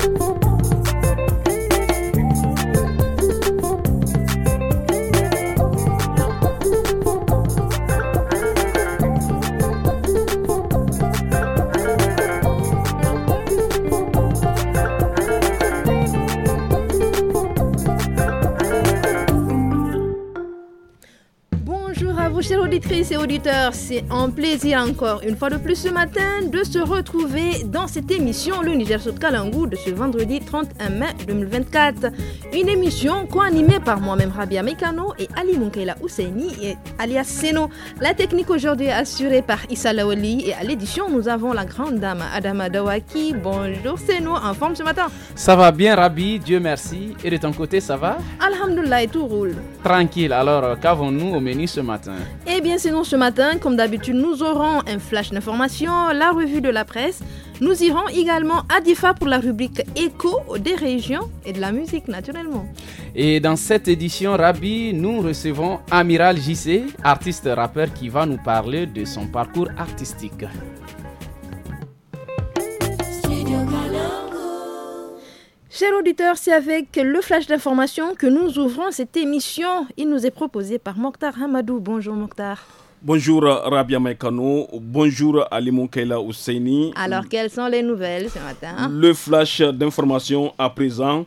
thank you auditeurs, c'est un plaisir encore une fois de plus ce matin de se retrouver dans cette émission Le Niger de ce vendredi 31 mai 2024. Une émission co-animée par moi-même Rabia Mekano et Ali Munkela Ousseini et alias Seno. La technique aujourd'hui est assurée par Issa Lawali et à l'édition nous avons la grande dame Adama Dawaki. Bonjour Seno, en forme ce matin Ça va bien Rabi, Dieu merci. Et de ton côté ça va Alhamdulillah, tout roule. Tranquille, alors qu'avons-nous au menu ce matin Eh bien ce matin, comme d'habitude, nous aurons un flash d'informations, la revue de la presse. Nous irons également à DIFA pour la rubrique écho des régions et de la musique, naturellement. Et dans cette édition, Rabi, nous recevons Amiral JC, artiste rappeur qui va nous parler de son parcours artistique. Chers auditeurs, c'est avec le flash d'information que nous ouvrons cette émission. Il nous est proposé par Mokhtar Hamadou. Bonjour Mokhtar. Bonjour Rabia Mekano, bonjour Ali Keila Ousseini. Alors, quelles sont les nouvelles ce matin Le flash d'information à présent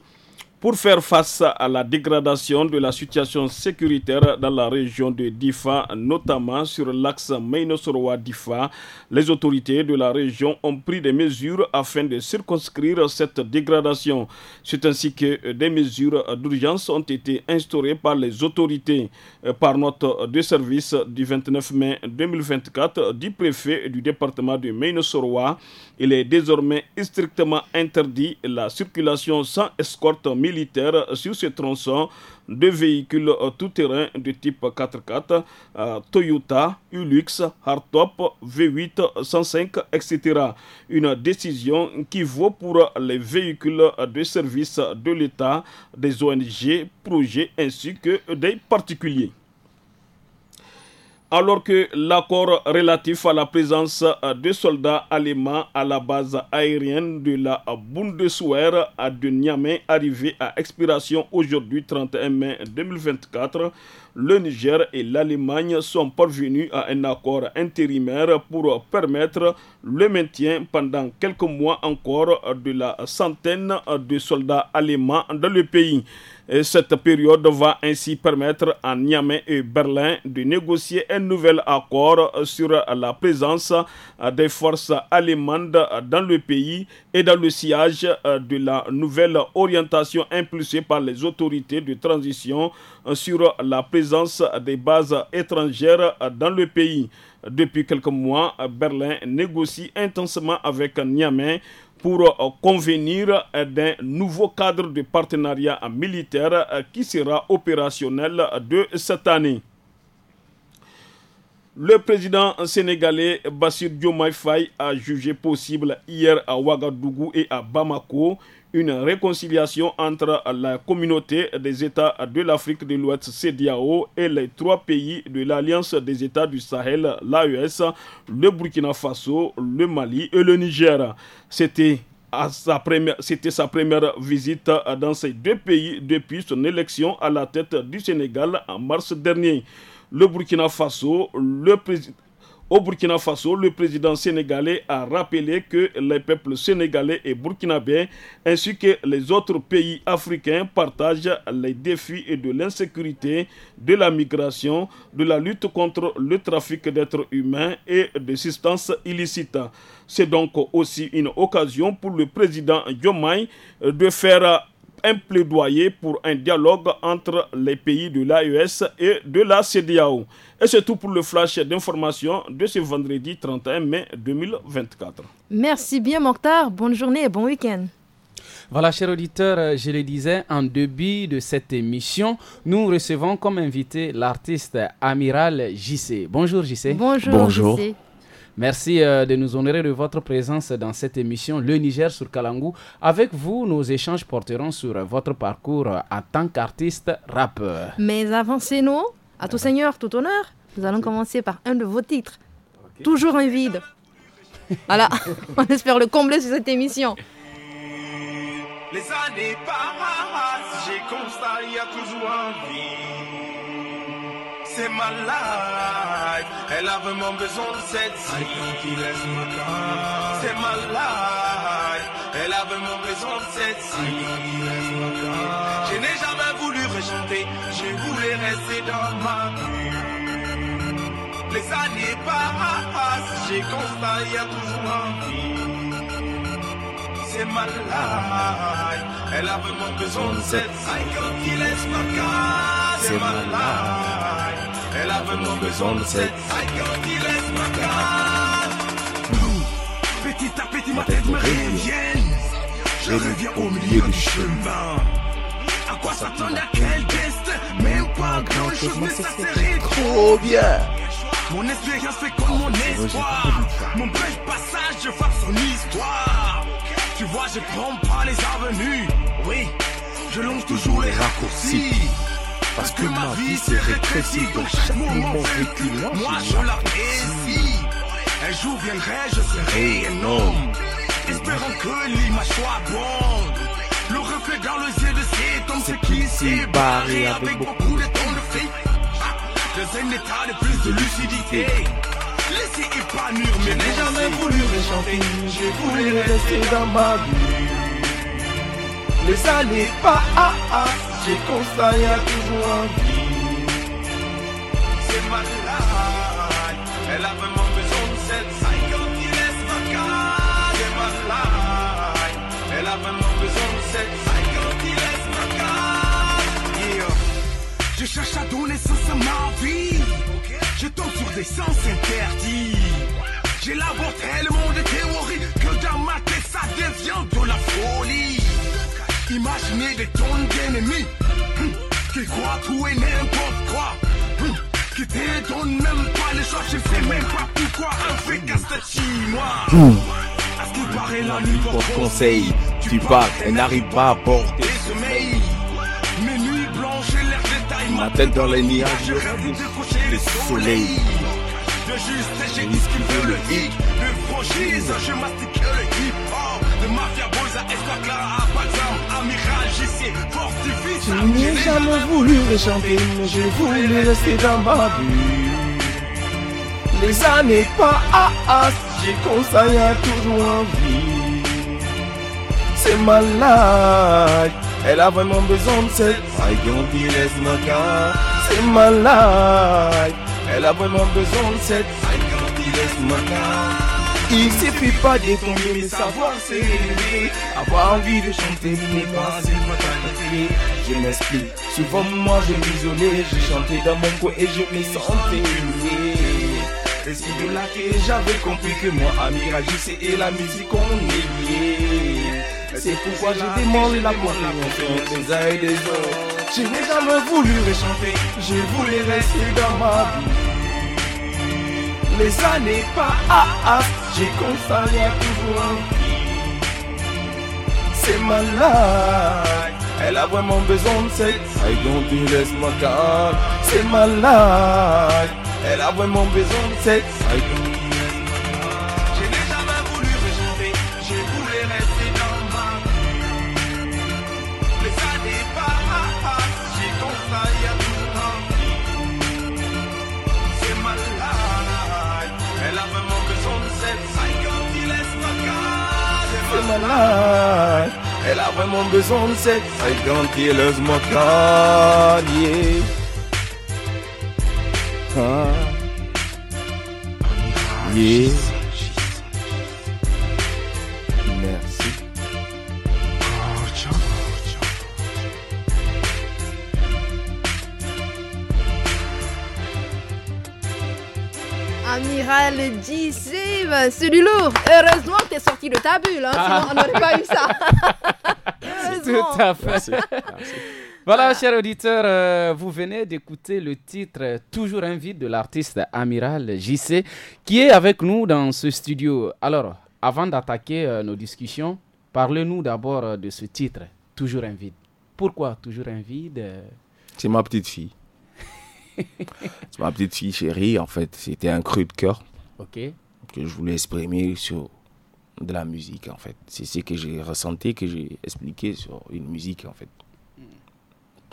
pour faire face à la dégradation de la situation sécuritaire dans la région de Difa, notamment sur l'axe soroa difa Les autorités de la région ont pris des mesures afin de circonscrire cette dégradation. C'est ainsi que des mesures d'urgence ont été instaurées par les autorités euh, par note de service du 29 mai 2024 du préfet du département de Maino-Soroa. Il est désormais strictement interdit la circulation sans escorte militaire sur ce tronçon de véhicules euh, tout-terrain de type 4x4, euh, Toyota, Ulux, Hardtop, V8, 105, etc. Une décision qui vaut pour les véhicules de service de l'État, des ONG, projets ainsi que des particuliers alors que l'accord relatif à la présence euh, de soldats allemands à la base aérienne de la Bundeswehr à de Niamey arrivé à expiration aujourd'hui 31 mai 2024 le Niger et l'Allemagne sont parvenus à un accord intérimaire pour permettre le maintien pendant quelques mois encore de la centaine de soldats allemands dans le pays. cette période va ainsi permettre à Niamey et Berlin de négocier un nouvel accord sur la présence des forces allemandes dans le pays et dans le sillage de la nouvelle orientation impulsée par les autorités de transition sur la présence des bases étrangères dans le pays. Depuis quelques mois, Berlin négocie intensément avec Niamey pour convenir d'un nouveau cadre de partenariat militaire qui sera opérationnel de cette année. Le président sénégalais Bassir Diomaye Faye a jugé possible hier à Ouagadougou et à Bamako une réconciliation entre la communauté des États de l'Afrique de l'Ouest CEDIAO et les trois pays de l'Alliance des États du Sahel, l'AES, le Burkina Faso, le Mali et le Niger. C'était c'était sa première visite dans ces deux pays depuis son élection à la tête du Sénégal en mars dernier le Burkina Faso, le, président... Au Burkina Faso, le président sénégalais a rappelé que les peuples sénégalais et burkinabés, ainsi que les autres pays africains, partagent les défis de l'insécurité, de la migration, de la lutte contre le trafic d'êtres humains et de substances illicites. C'est donc aussi une occasion pour le président Diomaye de faire un plaidoyer pour un dialogue entre les pays de l'AES et de la CDAO. Et c'est tout pour le flash d'information de ce vendredi 31 mai 2024. Merci bien, Mokhtar. Bonne journée et bon week-end. Voilà, chers auditeurs, je le disais en début de cette émission, nous recevons comme invité l'artiste Amiral JC. Bonjour JC. Bonjour. Bonjour. Merci euh, de nous honorer de votre présence dans cette émission Le Niger sur Kalangou. Avec vous, nos échanges porteront sur votre parcours en tant qu'artiste rappeur. Mais avancez-nous, à tout ah. seigneur, tout honneur. Nous allons commencer par un de vos titres. Toujours un vide. voilà, on espère le combler sur cette émission. Les années passent, j'ai constaté y a toujours un vide c'est ma life. Elle a vraiment besoin de cette vie, C'est ma life. Elle a vraiment besoin de cette vie, Je n'ai jamais voulu rejeter, Je voulais rester dans ma vie. Les années passent. J'ai constaté y a toujours C'est ma life. Elle a vraiment besoin de cette vie, c'est ma life elle a vraiment besoin de cette. Petit à petit, ma tête me revient. Je reviens au milieu du chemin. À quoi s'attendre à quel geste Même pas grand chose, mais ça trop bien. Mon expérience fait comme mon espoir. Mon bref passage, je fasse son histoire. Tu vois, je prends pas les avenues. Oui, je longe toujours les raccourcis. Parce que ma vie s'est rétrécie dans chaque moment vécu. Moi, je la Un jour viendrai, je serai un homme. Espérant que l'image soit bonne. Le reflet dans les yeux de ces temps c'est qui s'est barré avec beaucoup de temps de fake. Dans un état de plus de lucidité. Laissez épanouir mais n'ai jamais voulu réchanter, j'ai voulu rester dans ma vie Mais ça n'est pas à j'ai comme ça, y a toujours envie. C'est malade, elle a vraiment besoin de cette psycho qui laisse carte. C'est malade, elle a vraiment besoin de cette psycho qui laisse ma Yeah. Je cherche à donner sens à ma vie. Je tombe sur des sens interdits. J'ai J'élabore tellement de théories que dans ma tête ça devient de la folie. Imaginez des tonnes d'ennemis hmm, qui croient tout et n'importe quoi. Hmm, qui te même pas les choses je sais même pas pourquoi un fait casse chinois. moi hmm. À ce qui paraît la nuit Pour conseil, tu pars et n'arrive pas à porter sommeil. Mes nuits blanches et l'air détaillé ma tête dans les nuages, je rêve de le soleil. Le juste, j'ai dit ce qu'il veut, le hic, le franchise, je mastique. n'ai jamais voulu chanter, mais je voulais rester dans ma vie Les années passent, j'ai conseillé à toujours en vie. C'est malade, elle a vraiment besoin de cette I don't dit C'est malade, elle a vraiment besoin de cette I don't Il suffit pas de tomber, mais savoir c'est Avoir envie de chanter, mais pas c'est je m'explique. Souvent moi je m'isolais, j'ai chantais dans mon coin et je me sentais humilié. C'est de là que j'avais compris que moi ami c'est et la musique on lié. C'est pourquoi j'ai demande la boîte des uns et des autres. Je n'ai jamais voulu rechanter, je voulais rester dans ma vie. Mais ça pas à à j'ai constaté à toujours C'est malade. Elle a vraiment besoin de sexe. I don't you laisse-moi car c'est ma life. Elle a vraiment besoin de sexe. I don't J'ai jamais voulu rejeter, j'ai voulu rester dans ma vie. Mais ça n'est pas j'ai il à tout le monde. C'est ma life. Elle a vraiment besoin de sexe. I don't you laisse-moi car c'est ma life vraiment besoin de sexe. Ay, le mortalier. Ah. Yeah. Merci. Amiral Gissim, c'est du lourd. Heureusement que t'es sorti de ta bulle, hein, sinon on n'aurait pas eu ça. Tout à fait. Voilà, cher chers auditeurs, euh, vous venez d'écouter le titre euh, Toujours un vide de l'artiste Amiral JC qui est avec nous dans ce studio. Alors, avant d'attaquer euh, nos discussions, parlez-nous d'abord de ce titre Toujours un vide. Pourquoi Toujours un vide C'est ma petite fille. C'est ma petite fille chérie, en fait. C'était un cru de cœur. Ok. Que je voulais exprimer sur de la musique, en fait. C'est ce que j'ai ressenti, que j'ai expliqué sur une musique, en fait. Mm.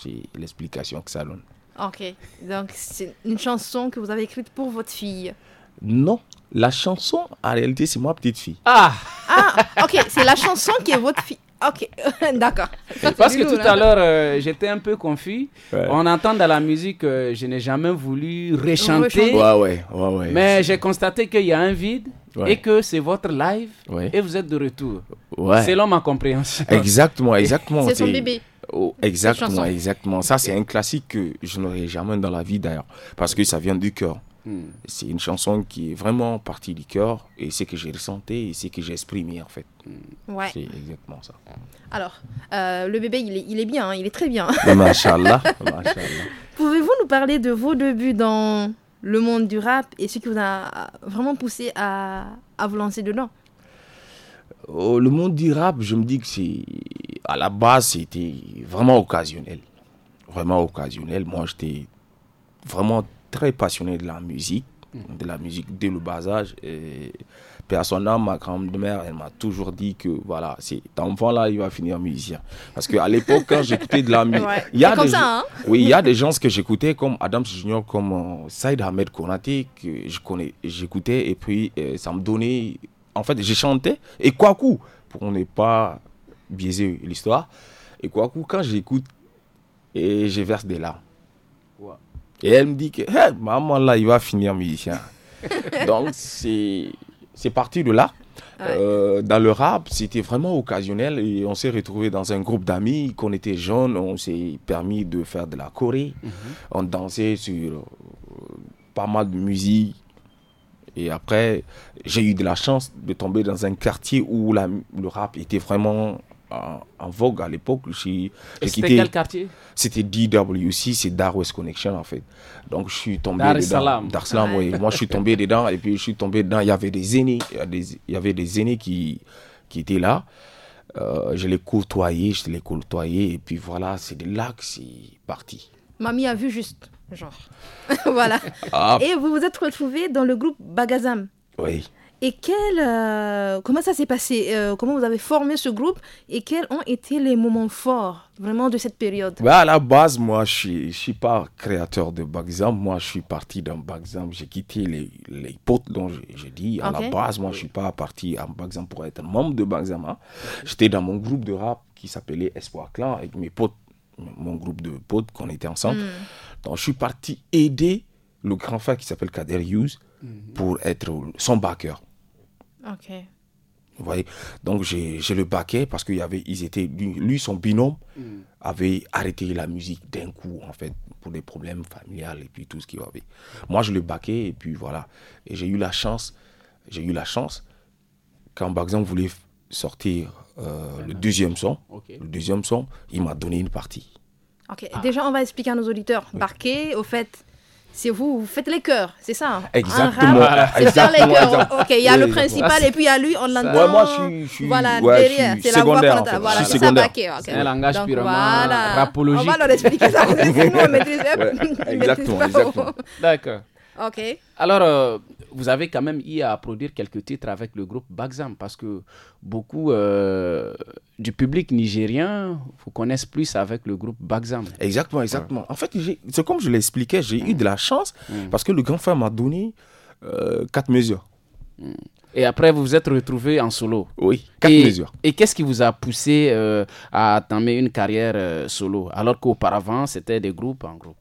C'est l'explication que ça donne. Ok, donc c'est une chanson que vous avez écrite pour votre fille Non, la chanson, en réalité, c'est ma petite fille. Ah Ah, ok, c'est la chanson qui est votre fille. Ok, d'accord. Parce que tout hein. à l'heure, euh, j'étais un peu confus. On entend dans la musique, euh, je n'ai jamais voulu réchanter. Ouais, ouais, Mais j'ai constaté qu'il y a un vide et que c'est votre live et vous êtes de retour. Ouais. l'homme ma compréhension. Exactement, exactement. c'est son bébé. Oh, exactement, exactement. Ça, c'est un classique que je n'aurai jamais dans la vie d'ailleurs, parce que ça vient du cœur. Hmm. C'est une chanson qui est vraiment partie du cœur et c'est que j'ai ressenti et c'est que j'ai exprimé en fait. Hmm. C'est exactement ça. Alors, euh, le bébé, il est, bien, hein, il est très bien. Masha'Allah. Pouvez-vous nous parler de vos débuts dans le monde du rap et ce qui vous a vraiment poussé à, vous lancer dedans oh, Le monde du rap, je me dis que c'est à la base, c'était vraiment occasionnel. Vraiment occasionnel. Moi, j'étais vraiment très passionné de la musique, mm. de la musique dès le bas âge. Et Personnellement, ma grand-mère, elle m'a toujours dit que voilà, cet enfant-là, il va finir musicien. Parce qu'à l'époque, quand j'écoutais de la musique. il hein? Oui, il y a des gens que j'écoutais comme Adam Junior, comme euh, Saïd Ahmed Konate, que je connais, j'écoutais, et puis euh, ça me donnait. En fait, j'ai chanté, et quoi coup, pour ne pas biaiser l'histoire, et quoi coup, quand j'écoute, et je verse des larmes. Et elle me dit que, maman, là, il va finir musicien. Donc, c'est c'est parti de là. Euh, dans le rap, c'était vraiment occasionnel et on s'est retrouvé dans un groupe d'amis. qu'on était jeunes, on s'est permis de faire de la choré. Mhm. On dansait sur euh, pas mal de musique. Et après, j'ai eu de la chance de tomber dans un quartier où la, le rap était vraiment en, vogue à l'époque. C'était quel quartier C'était DWC, c'est Dar West Connection en fait. Donc je suis tombé dedans. Dar Salam, oui. Moi je suis tombé dedans et puis je suis tombé dedans. Il y avait des aînés, il y avait des aînés qui, qui étaient là. Euh, je les côtoyais je les côtoyais et puis voilà, c'est de là que c'est parti. Mamie a vu juste, genre. voilà. Ah. Et vous vous êtes retrouvé dans le groupe Bagazam. Oui. Et euh, comment ça s'est passé euh, Comment vous avez formé ce groupe Et quels ont été les moments forts vraiment de cette période bah, À la base, moi, je ne suis, pas créateur de Bagzam. Moi, je suis parti dans Bagzam. J'ai quitté les, les potes dont j'ai dit. À la base, moi, je ne suis pas parti en Bagzam pour être membre de Bagzam. Hein. J'étais dans mon groupe de rap qui s'appelait Espoir Clan avec mes potes, mon groupe de potes qu'on était ensemble. Hmm. Donc, je suis parti aider le grand frère qui s'appelle Kader Yous hmm. pour être son backer. Ok. Vous voyez Donc j'ai le baquet parce qu'il y avait, ils étaient, lui, son binôme mm. avait arrêté la musique d'un coup, en fait, pour des problèmes familiales et puis tout ce qu'il y avait. Moi, je le baquet et puis voilà. Et j'ai eu la chance, j'ai eu la chance, quand par exemple voulait sortir euh, le deuxième son, le deuxième son, il m'a donné une partie. Ok, ah. déjà on va expliquer à nos auditeurs. baquet au fait, c'est vous, vous faites les cœurs, c'est ça hein? Exactement. c'est faire les chœurs. Ok, il y a le principal et puis il y a lui, on l'entend. moi, je suis. Voilà, derrière, c'est la voix qu'on Voilà, c'est ça, baquet. C'est un langage Donc, purement voilà. rapologique. On va leur expliquer ça, parce que nous, exactement, exactement. D'accord. Ok. Alors, euh, vous avez quand même eu à produire quelques titres avec le groupe Baxam parce que beaucoup euh, du public nigérien vous connaissent plus avec le groupe Baxam. Exactement, exactement. En fait, c'est comme je l'expliquais, j'ai eu de la chance mm. parce que le grand frère m'a donné euh, quatre mesures. Mm. Et après, vous vous êtes retrouvé en solo. Oui, quatre mesures. Et qu'est-ce qui vous a poussé euh, à entamer une carrière solo alors qu'auparavant, c'était des groupes en groupe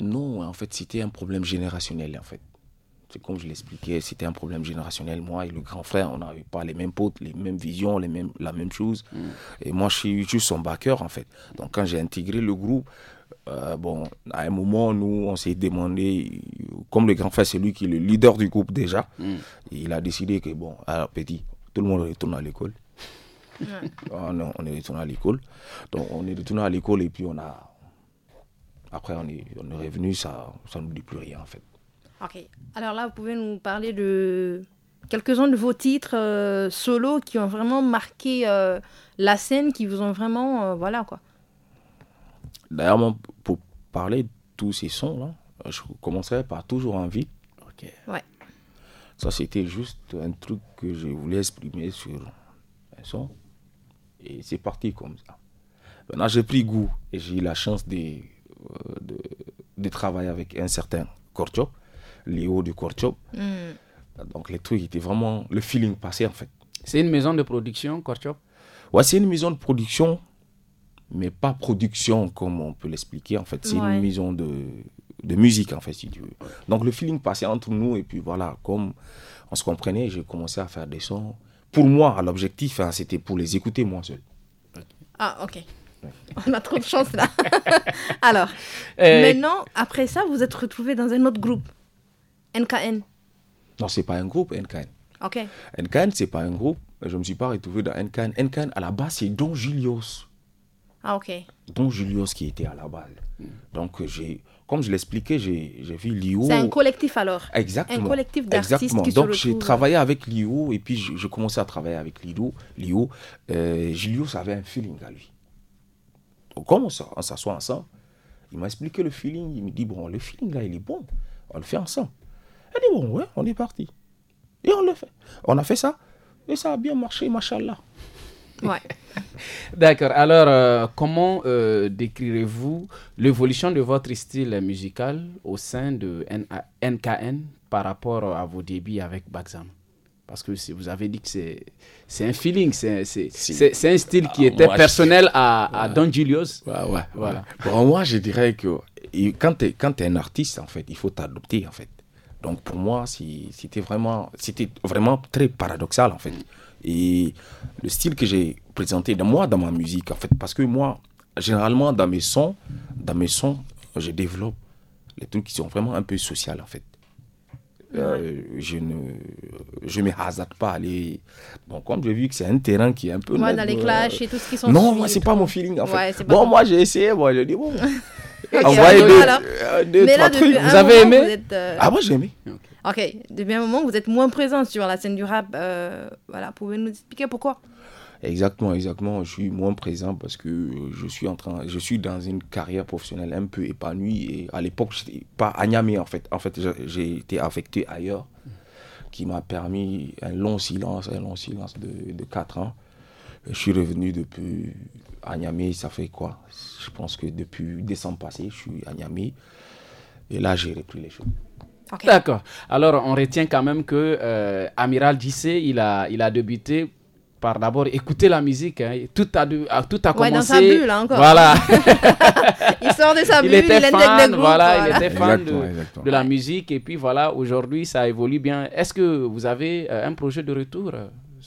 Non, en fait, c'était un problème générationnel, en fait comme je l'expliquais, c'était un problème générationnel. Moi et le grand frère, on n'avait pas les mêmes potes, les mêmes visions, les mêmes, la même chose. Mm. Et moi, je suis juste son backer, en fait. Donc, quand j'ai intégré le groupe, euh, bon, à un moment, nous, on s'est demandé, comme le grand frère, c'est lui qui est le leader du groupe déjà, mm. il a décidé que, bon, alors petit, tout le monde retourne à l'école. Ah, on est retourné à l'école. Donc, on est retourné à l'école et puis on a. Après, on est, revenu, ça ne nous dit plus rien, en fait. Ok. Alors là, vous pouvez nous parler de quelques-uns de vos titres solos euh, solo qui ont vraiment marqué euh, la scène, qui vous ont vraiment. Euh, voilà quoi. D'ailleurs, pour parler de tous ces sons, là, je commencerai par Toujours en vie. Ok. Ouais. Ça, c'était juste un truc que je voulais exprimer sur un son. Et c'est parti comme ça. Maintenant, j'ai pris goût et j'ai eu la chance de, de, de, travailler avec un certain Korchop les hauts du Corcho. Hmm. Donc les trucs étaient vraiment le feeling passé en fait. C'est une maison de production, Corcho Ouais, c'est une maison de production, mais pas production comme on peut l'expliquer en fait. C'est une maison de, musique en fait, si tu veux. Donc le feeling passait entre nous et puis voilà, comme on se comprenait, j'ai commencé à faire des sons. Pour moi, l'objectif, hein, c'était pour les écouter moi seul. Ah, ok. On a trop de chance là. Alors, euh, maintenant, après ça, vous êtes retrouvé dans un autre groupe. NKN Non, c'est pas un groupe, NKN. Ok. NKN, c'est pas un groupe. Je me suis pas retrouvé dans NKN. NKN, à la base, c'est Don Julius. Ah, ok. Don Julius qui était à la base. Donc, j'ai comme je l'expliquais, j'ai vu Lio. C'est un collectif alors Exactement. Un collectif d'artistes qui Donc j'ai euh, travaillé avec Lio et puis je, je, commençais à travailler avec Lio. Lio, euh, avait un feeling à lui. Donc comme on s'assoit ensemble, il m'a expliqué le feeling. Il me dit, bon, le feeling là, il est bon. On le fait ensemble. Elle dit, bon, ouais, on est parti. Et on le fait. On a fait ça. Et ça a bien marché, machallah. Ouais. D'accord. Alors, euh, comment euh, décrirez-vous l'évolution de votre style musical au sein de NKN par rapport à vos débuts avec Baxam parce que vous avez dit que c'est un feeling, c'est un style qui ah, était personnel à, Don Julius. Ouais, voilà. moi, je dirais que quand tu es, es, un artiste, en fait, il faut t'adopter, en fait. Donc pour moi, c'était vraiment, vraiment très paradoxal en fait. Et le style que j'ai présenté de moi, dans ma musique en fait, parce que moi, généralement dans mes sons, dans mes sons, je développe les trucs qui sont vraiment un peu sociaux en fait. Euh, je ne je me hasarde pas à aller bon comme j'ai vu que c'est un terrain qui est un peu Moi, dans les clashs et tout ce qui sont non moi c'est pas mon feeling en fait bon moi j'ai essayé moi je dis bon Ah euh, vous avez aimé euh, Ah, moi j'ai aimé. ok, depuis un moment, vous êtes moins présent sur la scène du rap. Euh, voilà, pouvez-vous nous expliquer pourquoi Exactement, exactement. Je suis moins présent parce que je suis en train, je suis dans une carrière professionnelle un peu épanouie. Et à l'époque, je n'étais pas à Niamey en fait. En fait, j'ai été affecté ailleurs, qui m'a permis un long silence, un long silence de, quatre ans. Je suis revenu depuis à Niamey, ça fait quoi Je pense que depuis décembre passé, je suis à Niamey. Et là, j'ai repris les choses. D'accord. Alors, on retient quand même que euh, Amiral Dissé, il a, il a débuté par d'abord écouter la musique. Hein. Tout a, commencé. a, tout dans sa bulle, hein, encore. Voilà. il sort de sa bulle, il était fan, voilà, il était fan de, la musique. Et puis, voilà, aujourd'hui, ça évolue bien. Est-ce que vous avez euh, un projet de retour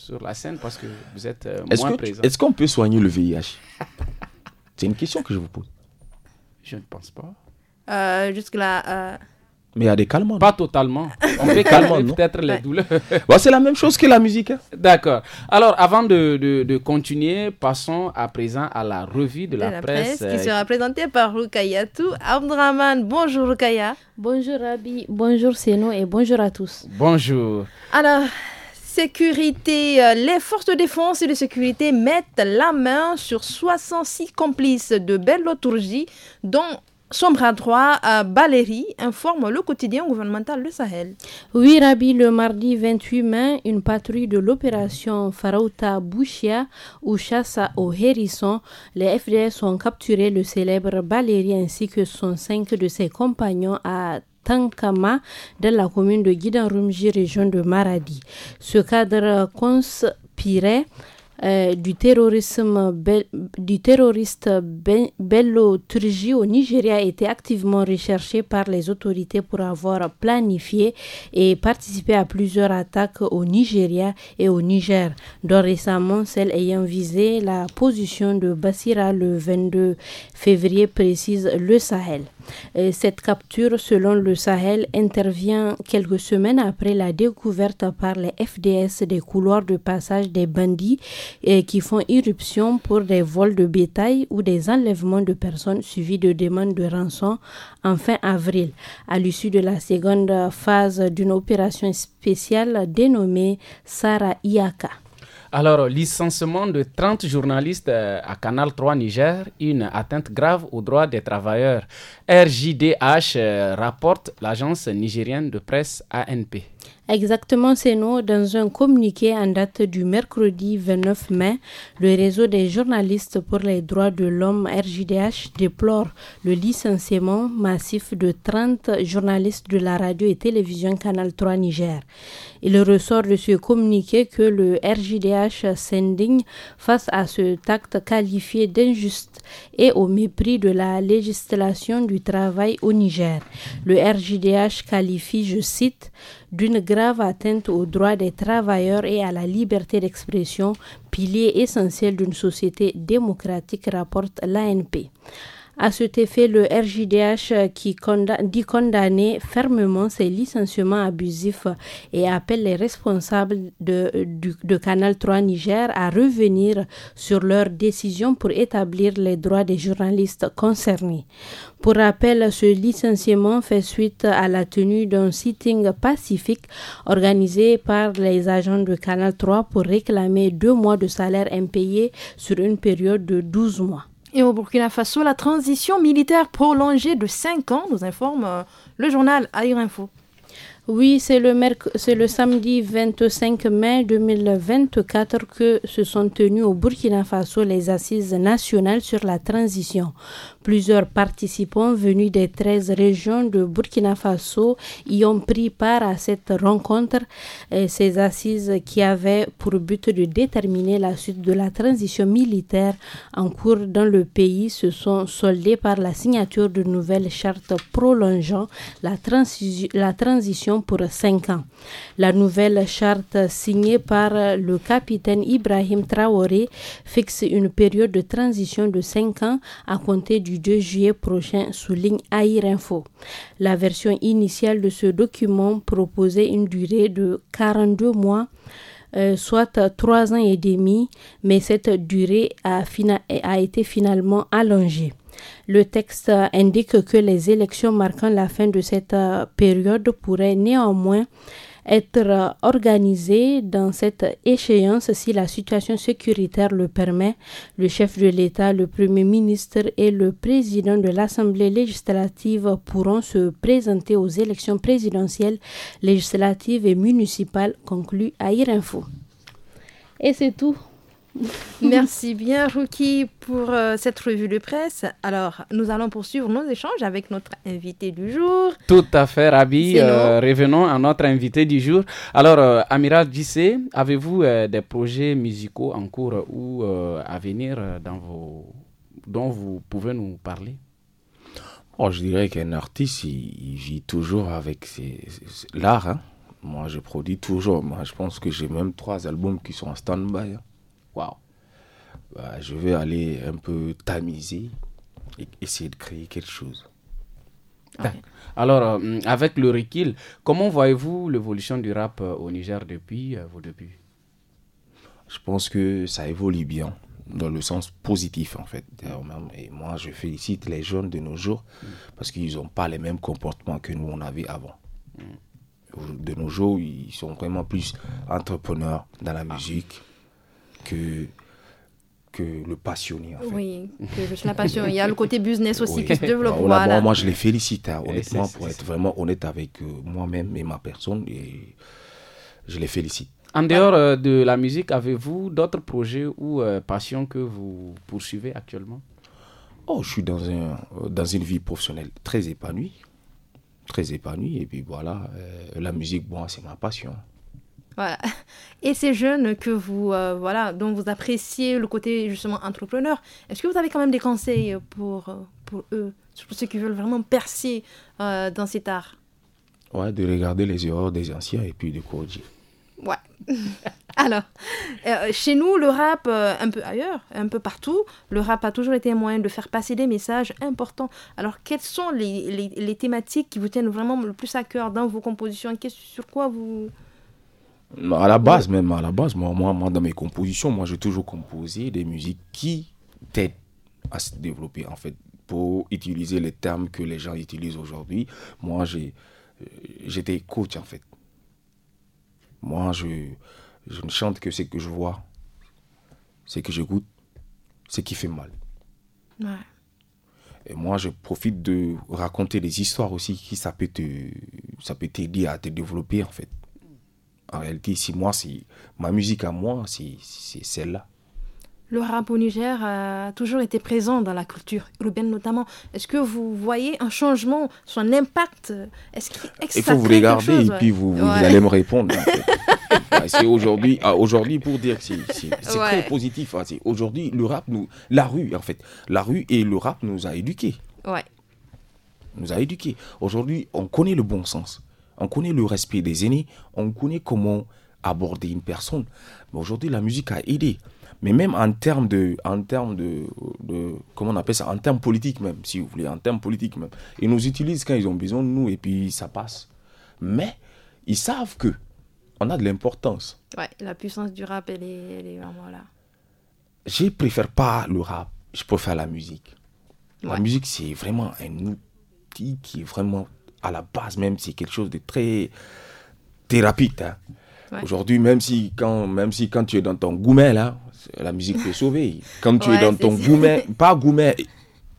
sur la scène parce que vous êtes euh, moins présent. Est-ce qu'on peut soigner le VIH C'est une question que je vous pose. Je ne pense pas. Euh, jusque-là. Euh, Mais il y a des calmants. Pas totalement. On peut calmer peut-être les douleurs. Bon, c'est la même chose que la musique. Hein. D'accord. Alors, avant de, continuer, passons à présent à la revue de, la, la, presse. qui sera présentée par tout Abdraman. Bonjour Rukaya. Bonjour Rabi. Bonjour Seno et bonjour à tous. Bonjour. Alors, sécurité. Euh, les forces de défense et de sécurité mettent la main sur 66 complices de Bellotourgie, dont son bras droit, Valérie, informe le quotidien gouvernemental de Sahel. Oui, Rabi, le mardi 28 mai, une patrouille de l'opération Farauta Bouchia ou Chassa au Hérisson, les FDS ont capturé le célèbre Valérie ainsi que son cinq de ses compagnons à Tankama dans la commune de Rumji, région de Maradi. Ce cadre conspirait euh, du, terroriste ben-, Bello au Nigeria été activement recherché par les autorités pour avoir planifié et participé à plusieurs attaques au Nigeria et au Niger, dont récemment celle ayant visé la position de Bassira le 22 février précise le Sahel cette capture, selon le Sahel, intervient quelques semaines après la découverte par les FDS des couloirs de passage des bandits qui font irruption pour des vols de bétail ou des enlèvements de personnes suivis de demandes de rançon en fin avril, à l'issue de la seconde phase d'une opération spéciale dénommée Sara Iaka. Alors, licenciement de 30 journalistes euh, à Canal 3 Niger, une atteinte grave aux droits des travailleurs. RJDH euh, rapporte l'agence nigérienne de presse ANP. Exactement, c'est nous. Dans un communiqué en date du mercredi 29 mai, le réseau des journalistes pour les droits de l'homme RJDH déplore le licenciement massif de 30 journalistes de la radio et télévision Canal 3 Niger. Il ressort de ce communiqué que le RJDH s'indigne face à ce tact qualifié d'injuste et au mépris de la législation du du travail au Niger. Le RJDH qualifie, je cite, d'une grave atteinte aux droits des travailleurs et à la liberté d'expression, pilier essentiel d'une société démocratique, rapporte l'ANP. À cet effet, le RJDH euh, dit condamner fermement ces licenciements abusifs et appelle les responsables de, Canal 3 Niger à revenir sur leur décision pour établir les droits des journalistes concernés. Pour rappel, ce licenciement fait suite à la tenue d'un sitting pacifique organisé par les agents de Canal 3 pour réclamer deux mois de salaire impayé sur une période de 12 mois. Et au Burkina Faso, la transition militaire prolongée de 5 ans, nous informe euh, le journal Air Info. Oui, c'est le, le, samedi 25 mai 2024 que se sont tenues au Burkina Faso les assises nationales sur la transition. Plusieurs participants venus des 13 régions de Burkina Faso y ont pris part à cette rencontre. ces assises qui avaient pour but de déterminer la suite de la transition militaire en cours dans le pays se sont soldées par la signature de nouvelles chartes prolongeant la, la transition pour 5 ans. La nouvelle charte signée par le capitaine Ibrahim Traoré fixe une période de transition de 5 ans à compter du 2 juillet prochain, souligne Air Info. La version initiale de ce document proposait une durée de 42 mois euh, soit trois ans et demi, mais cette durée a, a été finalement allongée. Le texte indique que les élections marquant la fin de cette euh, période pourraient néanmoins être organisé dans cette échéance si la situation sécuritaire le permet. Le chef de l'État, le Premier ministre et le président de l'Assemblée législative pourront se présenter aux élections présidentielles, législatives et municipales, conclut à Info. Et c'est tout Merci bien, Ruki, pour euh, cette revue de presse. Alors, nous allons poursuivre nos échanges avec notre invité du jour. Tout à fait, Rabi. Euh, revenons à notre invité du jour. Alors, euh, Amiral Dissé, avez-vous des projets musicaux en cours ou à venir dans vos... dont vous pouvez nous parler oh, Je dirais qu'un artiste, il, vit toujours avec ses, l'art. Hein. Moi, je produis toujours. Moi, je pense que j'ai même trois albums qui sont en stand-by. Hein waouh, bah, je vais aller un peu tamiser et essayer de créer quelque chose. Ah. Alors, euh, avec le recul, comment voyez-vous l'évolution du rap euh, au Niger depuis euh, vos débuts Je pense que ça évolue bien, dans le sens positif en fait. Et moi, je félicite les jeunes de nos jours mm. parce qu'ils n'ont pas les mêmes comportements que nous, on avait avant. Mm. De nos jours, ils sont vraiment plus entrepreneurs dans la ah. musique que que le passionné. En fait. Oui, que je la passion. Il y a le côté business aussi qui se développe. voilà. moi, je les félicite, hein, eh, honnêtement, pour être vraiment honnête avec euh, moi-même et ma personne. Et je les félicite. En dehors euh, de la musique, avez-vous d'autres projets ou euh, passions que vous poursuivez actuellement Oh, je suis dans, un, dans une vie professionnelle très épanouie. Très épanouie. Et puis voilà, la musique, bon, c'est ma passion. Voilà. Et ces jeunes que vous, euh, voilà, dont vous appréciez le côté justement entrepreneur, est-ce que vous avez quand même des conseils pour, euh, pour eux, pour ceux qui veulent vraiment percer euh, dans cet art Ouais, de regarder les erreurs des anciens et puis de corriger. Ouais. Alors, chez nous, le rap, un peu ailleurs, un peu partout, le rap a toujours été un moyen de faire passer des messages importants. Alors, quelles sont les, les, thématiques qui vous tiennent vraiment le plus à cœur dans vos compositions Sur quoi vous, à la base, même à la base, moi, moi, dans mes compositions, moi, j'ai toujours composé des musiques qui t'aident à se développer, en fait, pour utiliser les termes que les gens utilisent aujourd'hui. Moi, j'ai, euh, j'étais coach, en fait. Moi, je, je ne chante que ce que je vois, ce que j'écoute, ce qui fait mal. Ouais. Et moi, je profite de raconter des histoires aussi qui ça peut t'aider à te développer, en fait. En réalité, si moi, ma musique à moi, c'est celle-là. Le rap au Niger a toujours été présent dans la culture urbaine notamment. Est-ce que vous voyez un changement, son impact Est-ce qu'il Il faut vous regarder et puis vous, allez me répondre. c'est aujourd'hui, ah, aujourd'hui pour dire que c'est très positif. Ah, aujourd'hui, le rap, nous, la rue en fait, la rue et le rap nous a éduqués. Ouais. Nous a éduqués. Aujourd'hui, on connaît le bon sens. On connaît le respect des aînés, on connaît comment aborder une personne. Mais aujourd'hui, la musique a aidé. Mais même en termes de, en termes de, de, comment on appelle ça, en termes politiques même, si vous voulez, en termes politiques même. Ils nous utilisent quand ils ont besoin de nous et puis ça passe. Mais ils savent que on a de l'importance. Ouais, la puissance du rap, elle est, elle vraiment là. Je préfère pas le rap, je préfère la musique. La musique, c'est vraiment un outil qui est vraiment à la base même, c'est quelque chose de très thérapeutique. Hein. Aujourd'hui, même si, quand, même si quand tu es dans ton goumet, là, la musique peut sauver. Quand tu es dans ton goumet, pas goumet,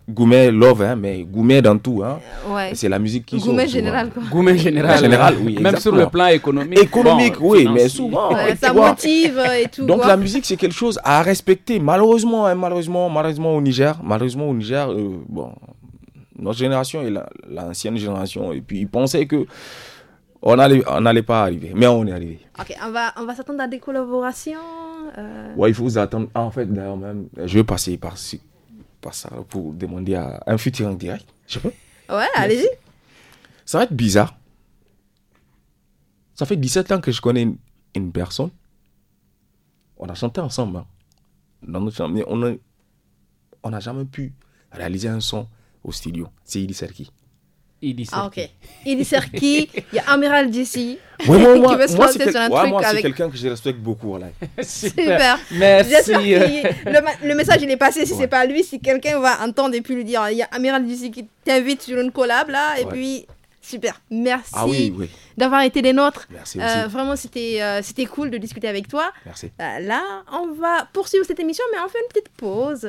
goumet love, hein, mais goumet dans tout. Hein, C'est la musique qui goumet Général, quoi. général. général oui, Même sur le plan économique. Économique, oui, mais souvent. ça motive euh, et tout. Donc la musique, c'est quelque chose à respecter. Malheureusement, hein, malheureusement, malheureusement au Niger, malheureusement au Niger, euh, bon, notre génération et l'ancienne génération. Et puis ils pensaient que on n'allait on allait pas arriver, mais on est arrivé. Ok, on va, on va s'attendre à des collaborations. Euh. Ouais, il faut vous attendre. En fait, d'ailleurs, même, je vais passer par, ça pour demander à un futur en direct. Je peux Ouais, allez-y. Ça va être bizarre. Ça fait 17 ans que je connais une, personne. On a chanté ensemble hein, dans notre chambre, mais on n'a on a jamais pu réaliser un son au studio. C'est Idi Serki. Idi Serki. Ah, ok. il y a Amiral DC. moi, moi c'est quelqu'un que je respecte beaucoup. Super. Merci. Euh. Le, le, message, il est passé. Si c'est pas lui, si quelqu'un va entendre et puis lui dire il y a Amiral DC qui t'invite sur une collab là, et puis. Super, merci ah d'avoir été des nôtres. Merci euh, vraiment, c'était euh, c'était cool de discuter avec toi. Merci. Euh, là, on va poursuivre cette émission, mais on fait une petite pause.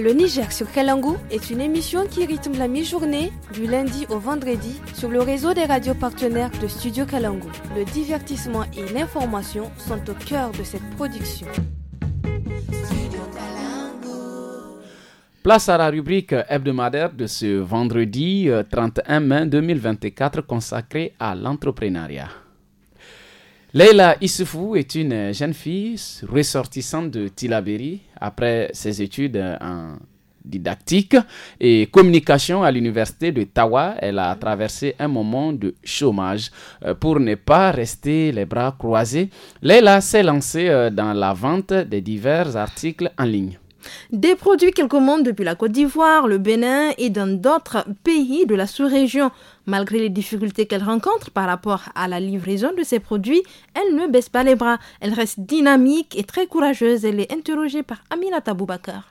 Le Niger sur Kalangu est une émission qui rythme la mi-journée du lundi au vendredi sur le réseau des radios partenaires de Studio Kalangu. Le divertissement et l'information sont au cœur de cette production. Place à la rubrique hebdomadaire de ce vendredi 31 euh, mai 2024 consacrée à l'entrepreneuriat. Leila Issoufou est une euh, jeune fille ressortissante de Tilaberi après ses études euh, en didactique et communication à l'université de Tawa. Elle a traversé un moment de chômage. Euh, pour ne pas rester les bras croisés, Leila s'est lancée dans la vente de divers articles en ligne. Des produits qu'elle commande depuis la Côte d'Ivoire, le Bénin et dans d'autres pays de la sous-région. Malgré les difficultés qu'elle rencontre par rapport à la livraison de ses produits, elle ne baisse pas les bras. Elle reste dynamique et très courageuse. Elle est interrogée par Aminata Boubakar.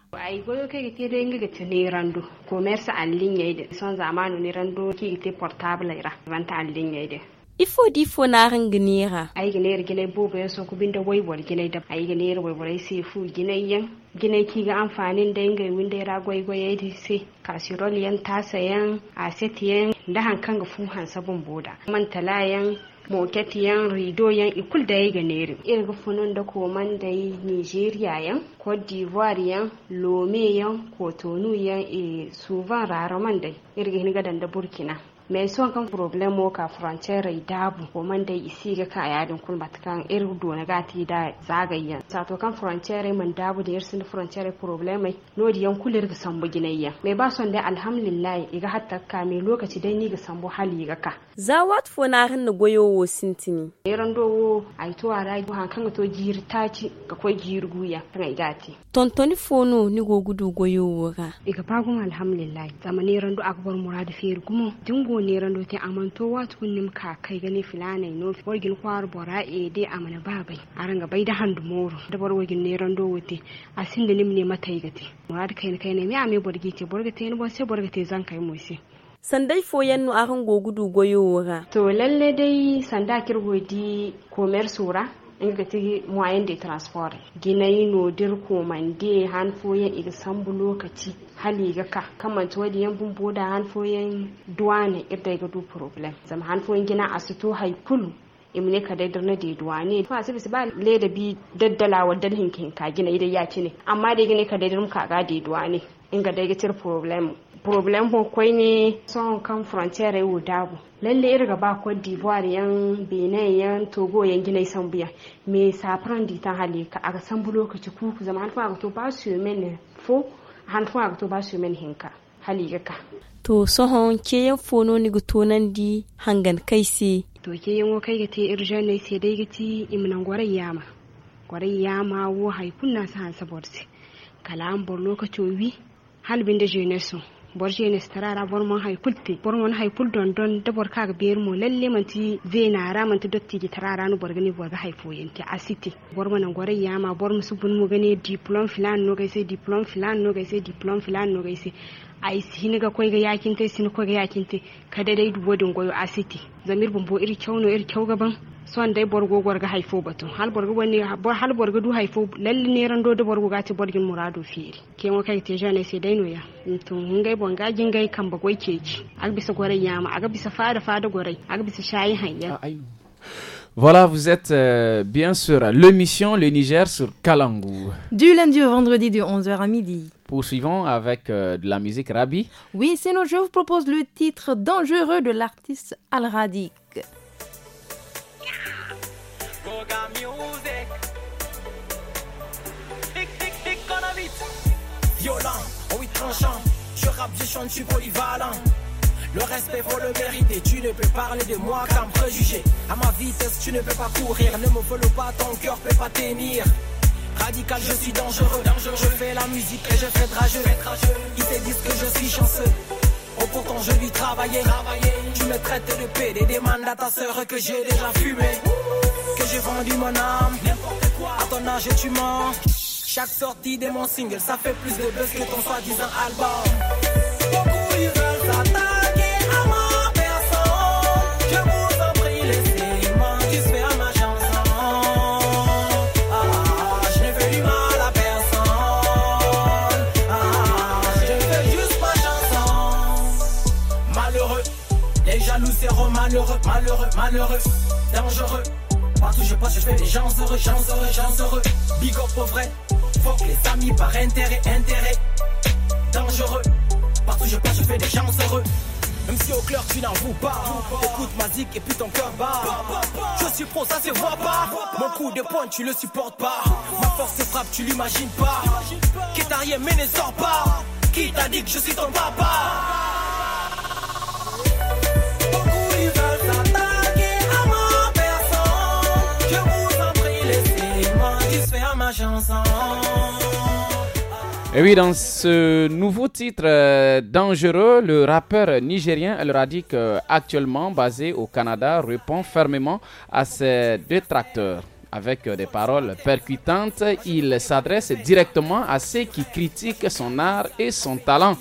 ifo di fo narin ginera ai galer gele bobo ya so kubinda waiwar gile da ai galer waiwar sai fu ginayyan ginai ki ga amfanin da inga winda ra goigoye di sai kasirol yan tasayan aset yan da hankan ga fu sabon boda mantalayan moketi yan rido yan ikul da ya ganeri ga funun da koman da nigeria yan cote d'ivoire yan lome yan kotonu yan e suvan raraman da ga dan da burkina mai son kan problem ka rai dabu ko man da isi ga ka yadin ta kan iru do na gati da zagayyan sato kan rai man dabu da rai problem mai no di yan kulir ga sambu ginayya mai ba son dai alhamdulillah iga hatta ka mai lokaci dai ni ga sambu hali ga ka wat fo na ran na goyo wo sintini iran do wo ai to ara go han kan to ta ci ko jir guya rai gati tontoni fono ni go gudu goyo wo ga iga pagun alhamdulillah zamani ran do akbar murad fer kuma dingo nera do te amanto wata hunnim ka kai gani filana no wargin kwar bora e de amana babai ranga bai da handu moro da bar wagin nera do wote sin da nim ne mata igate murad kai kai ne mi ame borgi te borga te ni se borga te zan kai mosi sandai foyan nu akan gogudu goyowa to lalle dai sanda kirgodi komer sura inga ti moyen de transport ginai no dir ko mande han foyen iga sambu lokaci hali ga ka kamanta wadi yan bumbo da han foyen duwane irda ga du problem zama han foyen gina asito haikulu imne ka dai dorna de duwane fa ba le da bi daddala wa dalhin kin ka gina ida ya ne amma dai gine ka dai dorm ka ga de duwane inga da gitir problem problem ko kwai ne son kan frontiere wo bu lalle ga ba ko d'Ivoire yan Benin yan Togo yan san biya me sa prendre ta ka a san bu lokaci ku ku zaman fa to ba su men fo han fa to ba su men hinka ka to sohon ke yan fono ni gutonan di hangan kai se to ke yan kai ga te irja ne sai dai gati imnan gwarai yama gwarai yama wo haikun na sa saborti kalan bor lokacin wi Hal da jeunesse bor jeunesse tarara bor mon hay kulti bor mon hay kul don don da bor kaga mo man ti vena ra man ti dotti ji tarara no bor gani bor ga hay foyen asiti bor mon yama bor musubun mo gani diplôme filan no gaise diplôme filan no gaise diplôme filan no gaise yi sini ga kwai ga yakin tai sini kwai ga yakin te kada dai duwo din goyo asiti zamir bumbo iri kyau n'o iri kyau gaban son dai borgo gorga haifo batun hal borgo wani hal borgo du haifo lalle ne ran do borgo gati borgin murado fere ke mo kai te jane sai dai noya gai bon bonga gai kan bagoi keji aga bisa gorai yama aga bisa fada fada gorai aga bisa shayi hanya Voilà, vous êtes euh, bien sûr à l'émission Le Niger sur Kalangou. Du lundi au vendredi de 11h à midi. Poursuivons avec euh, de la musique Rabbi. Oui, c'est nous. Je vous propose le titre Dangereux de l'artiste Al Radik. Violent, oh oui tranchant, je polyvalent. Le respect pour le vérité, tu ne peux parler de moi qu'en préjugé. À ma vitesse, tu ne peux pas courir, ne me vole pas, ton cœur peut pas tenir. Radical, je suis dangereux, Je fais la musique et je fais drageux. Ils te disent que je suis chanceux. Oh, pourtant je lui travailler Tu me traites de et demande à ta sœur que j'ai déjà fumé. Que j'ai vendu mon âme. N'importe quoi. À ton âge, tu mens. Chaque sortie de mon single, ça fait plus de buzz que ton soi-disant album. malheureux, malheureux, malheureux, dangereux. Partout je passe, je fais des gens heureux, gens heureux, gens heureux. Big up au vrai, fuck les amis par intérêt, intérêt. Dangereux, partout je passe, je fais des gens heureux. Même si au cœur tu n'en veux pas, écoute ma zik et puis ton cœur bat. Je suis pro, ça se voit pas. Mon coup de poing, tu le supportes pas. Ma force se frappe, tu l'imagines pas. Qui rien, mais ne sort pas. Qui t'a dit que je suis ton papa? Et oui, dans ce nouveau titre euh, dangereux, le rappeur nigérien El Radic, actuellement basé au Canada, répond fermement à ses détracteurs. Avec euh, des paroles percutantes, il s'adresse directement à ceux qui critiquent son art et son talent,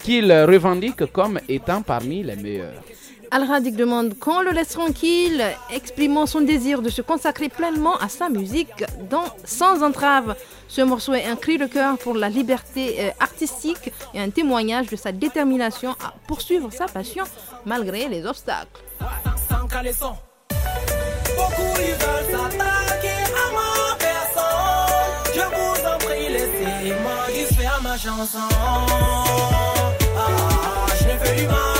qu'il revendique comme étant parmi les meilleurs. Al-Radik demande qu'on le laisse tranquille, exprimant son désir de se consacrer pleinement à sa musique dans, sans entrave. Ce morceau est un cri de cœur pour la liberté euh, artistique et un témoignage de sa détermination à poursuivre sa passion malgré les obstacles. chanson. je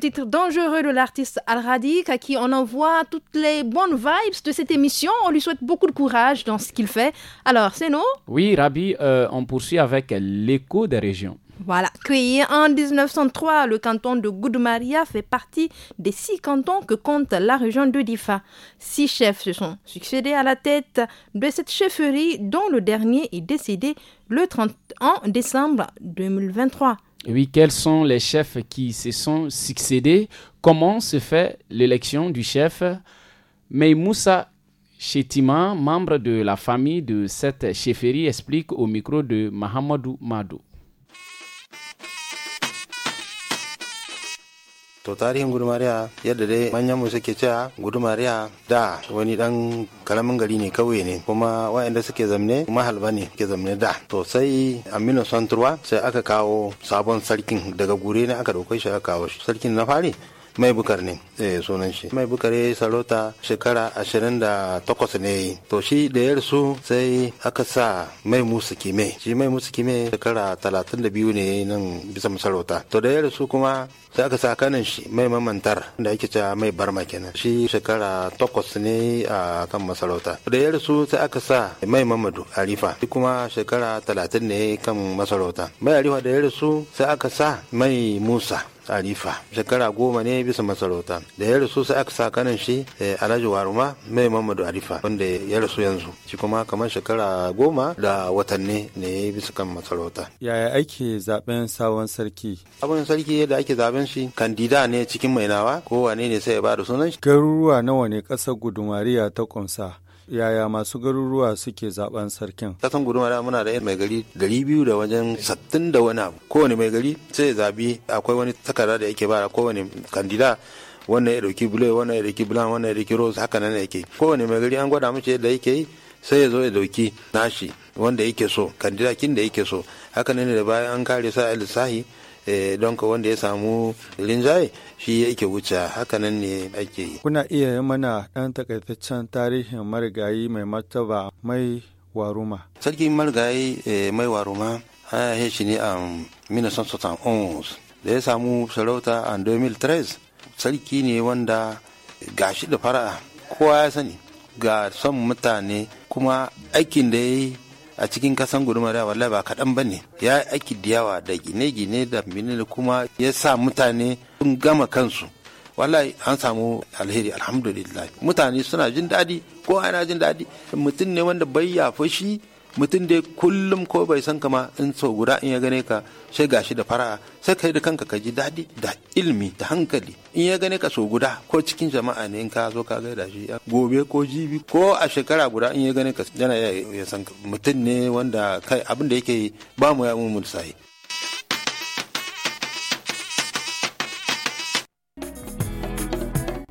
titre Dangereux de l'artiste Al Radik, à qui on envoie toutes les bonnes vibes de cette émission. On lui souhaite beaucoup de courage dans ce qu'il fait. Alors, c'est nous Oui, Rabi, euh, on poursuit avec l'écho des régions. Voilà. Créé en 1903, le canton de Goudmaria fait partie des six cantons que compte la région de Difa. Six chefs se sont succédés à la tête de cette chefferie, dont le dernier est décédé le 31 décembre 2023. Oui, quels sont les chefs qui se sont succédés Comment se fait l'élection du chef Mais Chetima, membre de la famille de cette chefferie, explique au micro de Mahamadou Madou. to tarihin gudumariya yadda dai manyan mu suke cewa gudumariya da wani dan karamin gari ne kauye ne kuma waɗanda suke zamne mahalba ne ke zamne da to sai aminu santurwa sai aka kawo sabon sarkin daga gure ne aka ɗaukai shi aka kawo sarkin na fari mai bukar ne eh sunan shi mai bukar ya sarota shekara ashirin da ne to shi da yar su sai aka sa mai musu kime shi mai musu kime shekara talatin da biyu ne nan bisa masarauta to da yar su kuma sai aka sa kanin shi mai mamantar da yake cewa mai barma kenan shi shekara 8 ne a kan masarauta da yar su sai aka sa mai mamadu arifa shi kuma shekara talatin ne kan masarauta mai arifa da yar su sai aka sa mai musa tsarifa shekara goma ne bisa masarauta da ya rasu sai aka sa kanin shi eh, alhaji waruma mai mamadu arifa wanda ya rasu yanzu shi kuma kamar shekara goma da watanni ne ya yi bisa kan masarauta yaya ake zaben sabon sarki abin sarki da ake zaben shi kandida ne cikin mainawa kowane ne sai ya ba da sunan shi garuruwa nawa ne ƙasar gudumariya ta kumsa Yaya masu garuruwa suke zaben sarkin? Kasan gudumara muna da mai gari gari biyu da wajen sattin da wani abu. Kowane mai gari sai zabi akwai wani takarda da yake bara kowane kandida wannan ya dauki bule wannan ya dauki bulan wannan ya dauki rose haka nan yake kowane mai gari an gwada mace yadda yake yi sai ya zo ya dauki nashi wanda yake so kandida kin da yake so haka ne da bayan an kare sa'a lissahi Eh, don ka wanda ya samu linjaye shi ya yake wuce hakanan ne ake yi. Kuna iya yi mana ɗan takaitaccen tarihin marigayi mai martaba mai waruma. Sarki marigayi eh, mai waruma an yi shi ne a 1971 da ya samu sarauta a 2013 sarki ne wanda gashi da fara kowa ya sani ga son mutane kuma aikin da ya yi a cikin kasan guduma da wallahi ba kaɗan ba ne ya aiki da yawa da gine-gine da menene kuma ya sa mutane sun gama kansu wala an samu alheri alhamdulillah mutane suna jin daɗi ko ana jin daɗi mutum ne wanda bai ya fashi mutum dai kullum ko bai san kama in so guda in ya gane ka sai gashi da fara'a sai kai da kanka ka ji daɗi da ilmi da hankali in ya gane ka so guda ko cikin jama'a ne in ka zo ka gaida shi gobe ko jibi ko a shekara guda in ya gane ka yana ya san mutum ne wanda kai abin da yake ba mu ya mu mulsayi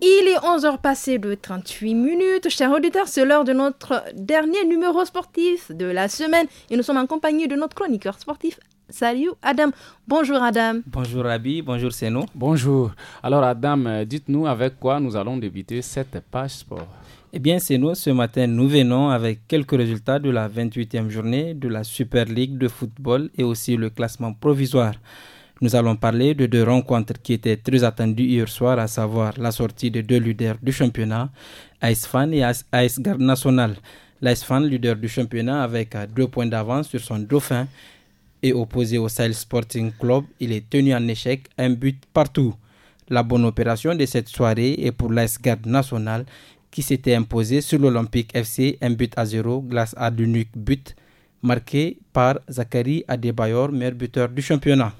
Il est 11h passé de 38 minutes. Chers auditeurs, c'est l'heure de notre dernier numéro sportif de la semaine et nous sommes en compagnie de notre chroniqueur sportif. Salut Adam. Bonjour Adam. Bonjour Rabi, bonjour Seno. Bonjour. Alors Adam, euh, dites-nous avec quoi nous allons débuter cette page sport. Eh bien Seno, ce matin nous venons avec quelques résultats de la 28e journée de la Super League de football et aussi le classement provisoire. Nous allons parler de deux rencontres qui étaient très attendues hier soir, à savoir la sortie de deux leaders du championnat, Ice Fan et Ice Guard National. L'Ice Fan, leader du championnat, avec deux points d'avance sur son dauphin et opposé au Sail Sporting Club, il est tenu en échec, un but partout. La bonne opération de cette soirée est pour l'Ice Guard National qui s'était imposé sur l'Olympique FC, un but à zéro grâce à l'unique but marqué par Zachary Adebayor, meilleur buteur du championnat.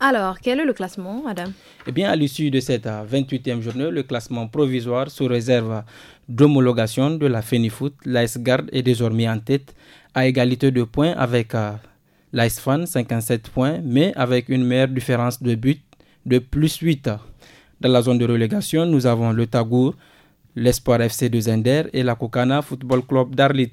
Alors, quel est le classement, Madame Eh bien, à l'issue de cette 28e euh, journée, le classement provisoire sous réserve d'homologation de la FENIFOOT, l'Iceguard est désormais en tête à égalité de points avec euh, l'Icefan Fan, 57 points, mais avec une meilleure différence de but de plus 8. Dans la zone de relégation, nous avons le Tagour, l'Espoir FC de Zender et la Kokana Football Club d'Arlit.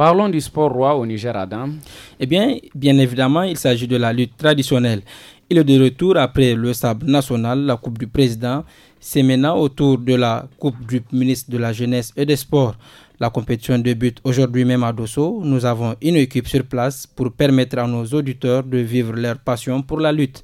Parlons du sport roi au Niger, Adam. Eh bien, bien évidemment, il s'agit de la lutte traditionnelle. Il est de retour après le sable national, la Coupe du Président. C'est autour de la Coupe du ministre de la Jeunesse et des Sports. La compétition débute aujourd'hui même à Dosso. Nous avons une équipe sur place pour permettre à nos auditeurs de vivre leur passion pour la lutte.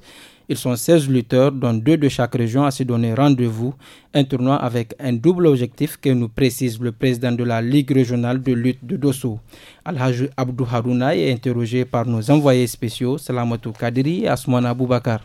Ils sont 16 lutteurs, dont deux de chaque région, à se donner rendez-vous. Un tournoi avec un double objectif que nous précise le président de la Ligue régionale de lutte de Dosso. Alhaj Abdou Harouna est interrogé par nos envoyés spéciaux Salamatu Kadiri et Asmana Boubakar.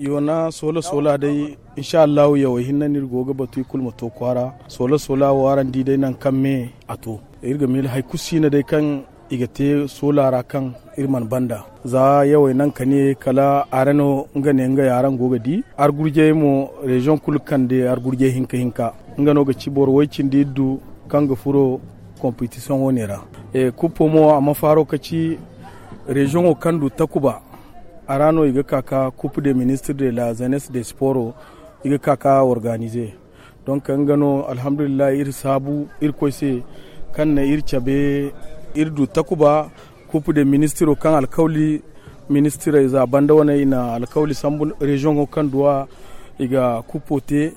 yona sola sola dai insha Allah yau hinna goga batu kwara sola sola waran di dai nan kan me ato irga hay kusina dai kan igate solara kan irman banda za yawai nan ka ne kala rano ngane nga yaran goga di argurje mo region kulkan de argurje hinka hinka ngano ga cibor cin di du ga furo competition wonera e kupo mo amma faro kaci region o kandu takuba rano iga kaka coupe de ministre de la jeunesse des sports iga kaka organiser donc ngano alhamdulillah ir sabu ir koise kan na ir cabe irdu takuba de ministiro kan alkawli ministira iza banda wana ina alkawli sambul region kan duwa iga kupote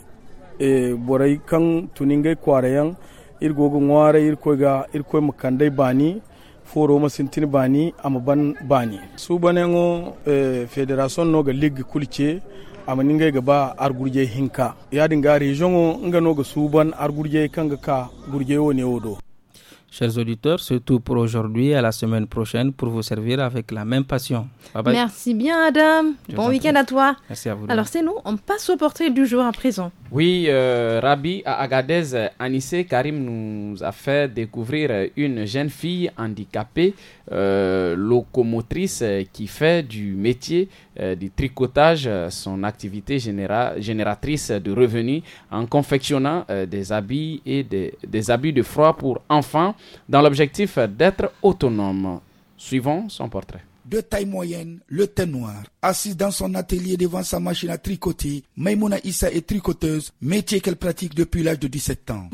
e borai kan tuningai kwarayan irgogo ngware irko ga irko makandai bani foro masintini bani ban bani su banengo e, federation no ga league kulce amma ninga ga ba argurje hinka ya dinga region ngo nga no ga suban argurje ga ka gurje wone wodo Chers auditeurs, c'est tout pour aujourd'hui. À la semaine prochaine pour vous servir avec la même passion. Merci bien, Adam. bon week-end à toi. Merci à vous. Alors, c'est nous. On passe au portrait du jour à présent. Oui, euh, Rabi à Agadez, Anissé Karim nous a fait découvrir une jeune fille handicapée, euh, locomotrice, qui fait du métier euh, du tricotage, euh, son activité génératrice de revenus en confectionnant euh, des habits et des, habits de froid pour enfants dans l'objectif d'être autonome. Suivons son portrait de taille moyenne, le teint noir. Assise dans son atelier devant sa machine à tricoter, Maimouna Issa est tricoteuse, métier qu'elle pratique depuis l'âge de 17 ans.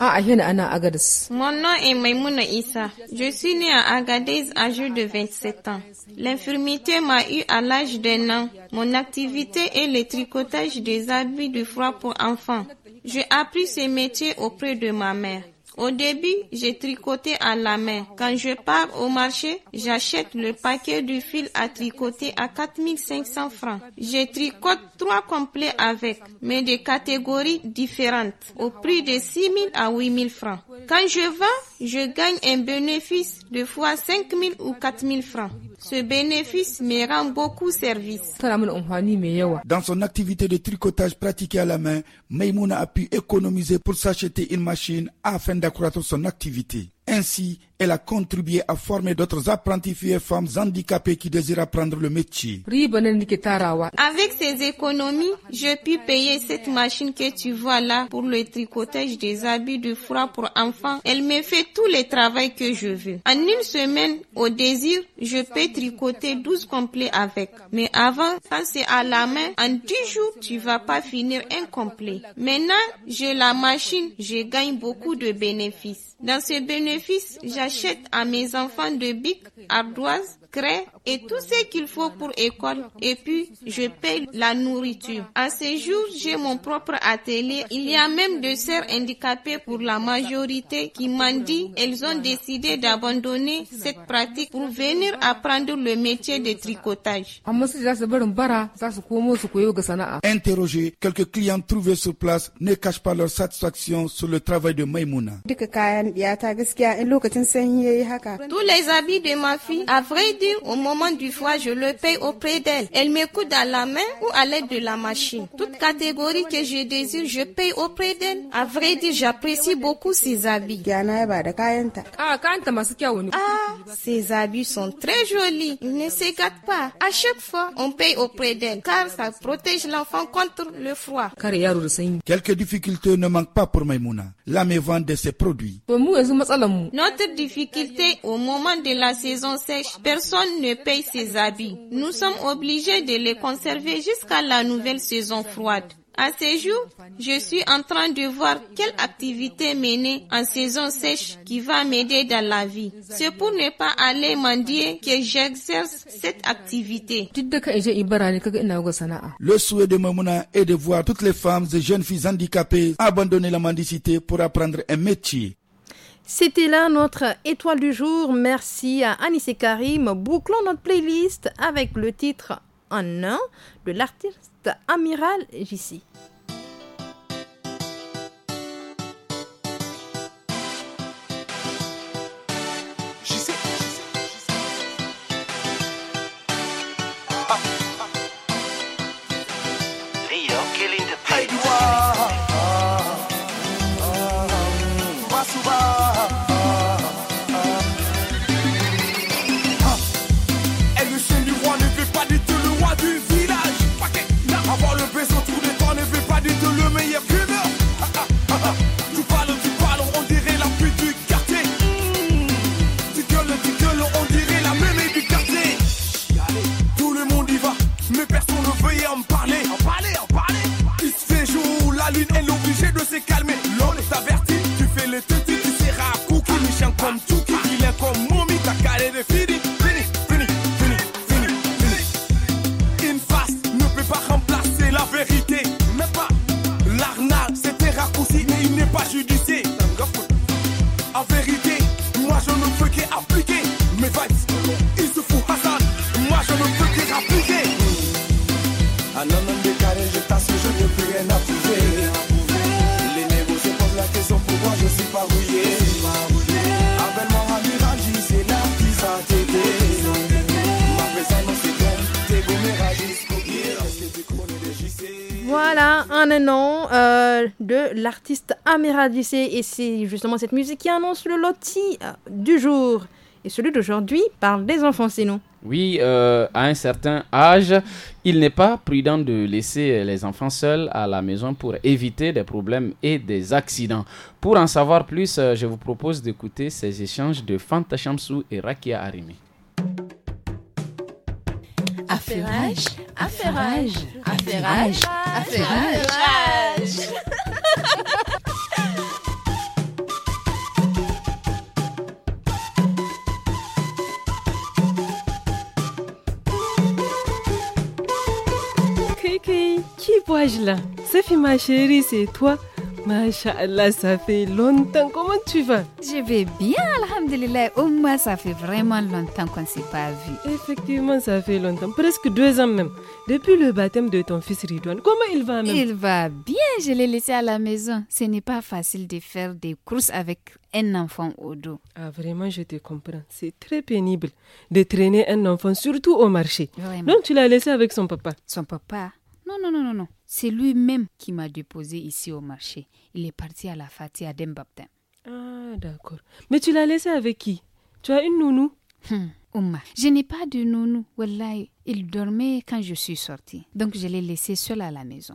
Ah, ah, Mon nom est Maimouna Issa. Je suis née à Agadez à l'âge de 27 ans. L'infirmité m'a eu à l'âge d'un an. Mon activité est le tricotage des habits de froid pour enfants. J'ai appris ce métier auprès de ma mère. Au début, j'ai tricoté à la main. Quand je pars au marché, j'achète le paquet de fil à tricoter à 4500 francs. Je tricote trois complets avec, mais des catégories différentes, au prix de 6000 à 8000 francs. Quand je vends, je gagne un bénéfice de fois 5000 ou 4000 francs. Ce bénéfice me rend beaucoup service. Dans son activité de tricotage pratiquée à la main, Maimouna a pu économiser pour s'acheter une machine afin d'accroître son activité. Ainsi, elle a contribué à former d'autres apprentis et femmes handicapées qui désirent apprendre le métier. Avec ces économies, je puis payer cette machine que tu vois là pour le tricotage des habits de froid pour enfants. Elle me fait tout le travail que je veux. En une semaine, au désir, je peux tricoter 12 complets avec. Mais avant, quand c'est à la main, en 10 jours, tu vas pas finir un complet. Maintenant, j'ai la machine, je gagne beaucoup de bénéfices. Dans ce bénéfice, j'achète à mes enfants de Bic, abdoise crée et tout ce qu'il faut pour école. Et puis, je paye la nourriture. À ces jours, j'ai mon propre atelier. Il y a même deux sœurs handicapées pour la majorité qui m'ont dit elles ont décidé d'abandonner cette pratique pour venir apprendre le métier de tricotage. Interroger quelques clients trouvés sur place ne cachent pas leur satisfaction sur le travail de Maïmouna. Tous les habits de ma fille, à vrai au moment du froid, je le paye auprès d'elle. Elle, m'écoute à la main ou à l'aide de la machine. Toute catégorie que je désire, je paye auprès d'elle. À vrai dire, j'apprécie beaucoup ses habits. Ah, ah ses habits sont très jolis. ne se pas. À chaque fois, on paye auprès d'elle car ça protège l'enfant contre le froid. Quelques difficultés ne manquent pas pour Maimouna, la mévente de ses produits. Notre difficulté au moment de la saison sèche, personne personne ne paye ses habits. Nous sommes obligés de les conserver jusqu'à la nouvelle saison froide. À ces jours, je suis en train de voir quelle activité mener en saison sèche qui va m'aider dans la vie. C'est pour ne pas aller mendier que j'exerce cette activité. Le souhait de Mamouna est de voir toutes les femmes et jeunes filles handicapées abandonner la mendicité pour apprendre un métier. C'était là notre étoile du jour. Merci à Anis et Karim. Bouclons notre playlist avec le titre En un de l'artiste Amiral Jissi. Voilà, un an euh, de l'artiste Améradissé. Et c'est justement cette musique qui annonce le loti euh, du jour. Et celui d'aujourd'hui parle des enfants, sinon. Oui, euh, à un certain âge, il n'est pas prudent de laisser les enfants seuls à la maison pour éviter des problèmes et des accidents. Pour en savoir plus, je vous propose d'écouter ces échanges de Fanta Shamsou et Rakia Arimi. Affairage, affairage, affairage, affairage. Qui bois-je là Sophie ma chérie, c'est toi Masha'Allah, ça fait longtemps. Comment tu vas Je vais bien, Alhamdulillah. Au moins, ça fait vraiment longtemps qu'on ne s'est pas vu. Effectivement, ça fait longtemps. Presque deux ans même. Depuis le baptême de ton fils Ridwan comment il va même Il va bien. Je l'ai laissé à la maison. Ce n'est pas facile de faire des courses avec un enfant au dos. Ah, vraiment, je te comprends. C'est très pénible de traîner un enfant, surtout au marché. Vraiment. Donc, tu l'as laissé avec son papa Son papa Non, non, non, non, non. C'est lui-même qui m'a déposé ici au marché. Il est parti à la fatigue à Dembaptin. Ah, d'accord. Mais tu l'as laissé avec qui Tu as une nounou hum, Ouma, je n'ai pas de nounou. Wallahi, il dormait quand je suis sortie. Donc je l'ai laissé seul à la maison.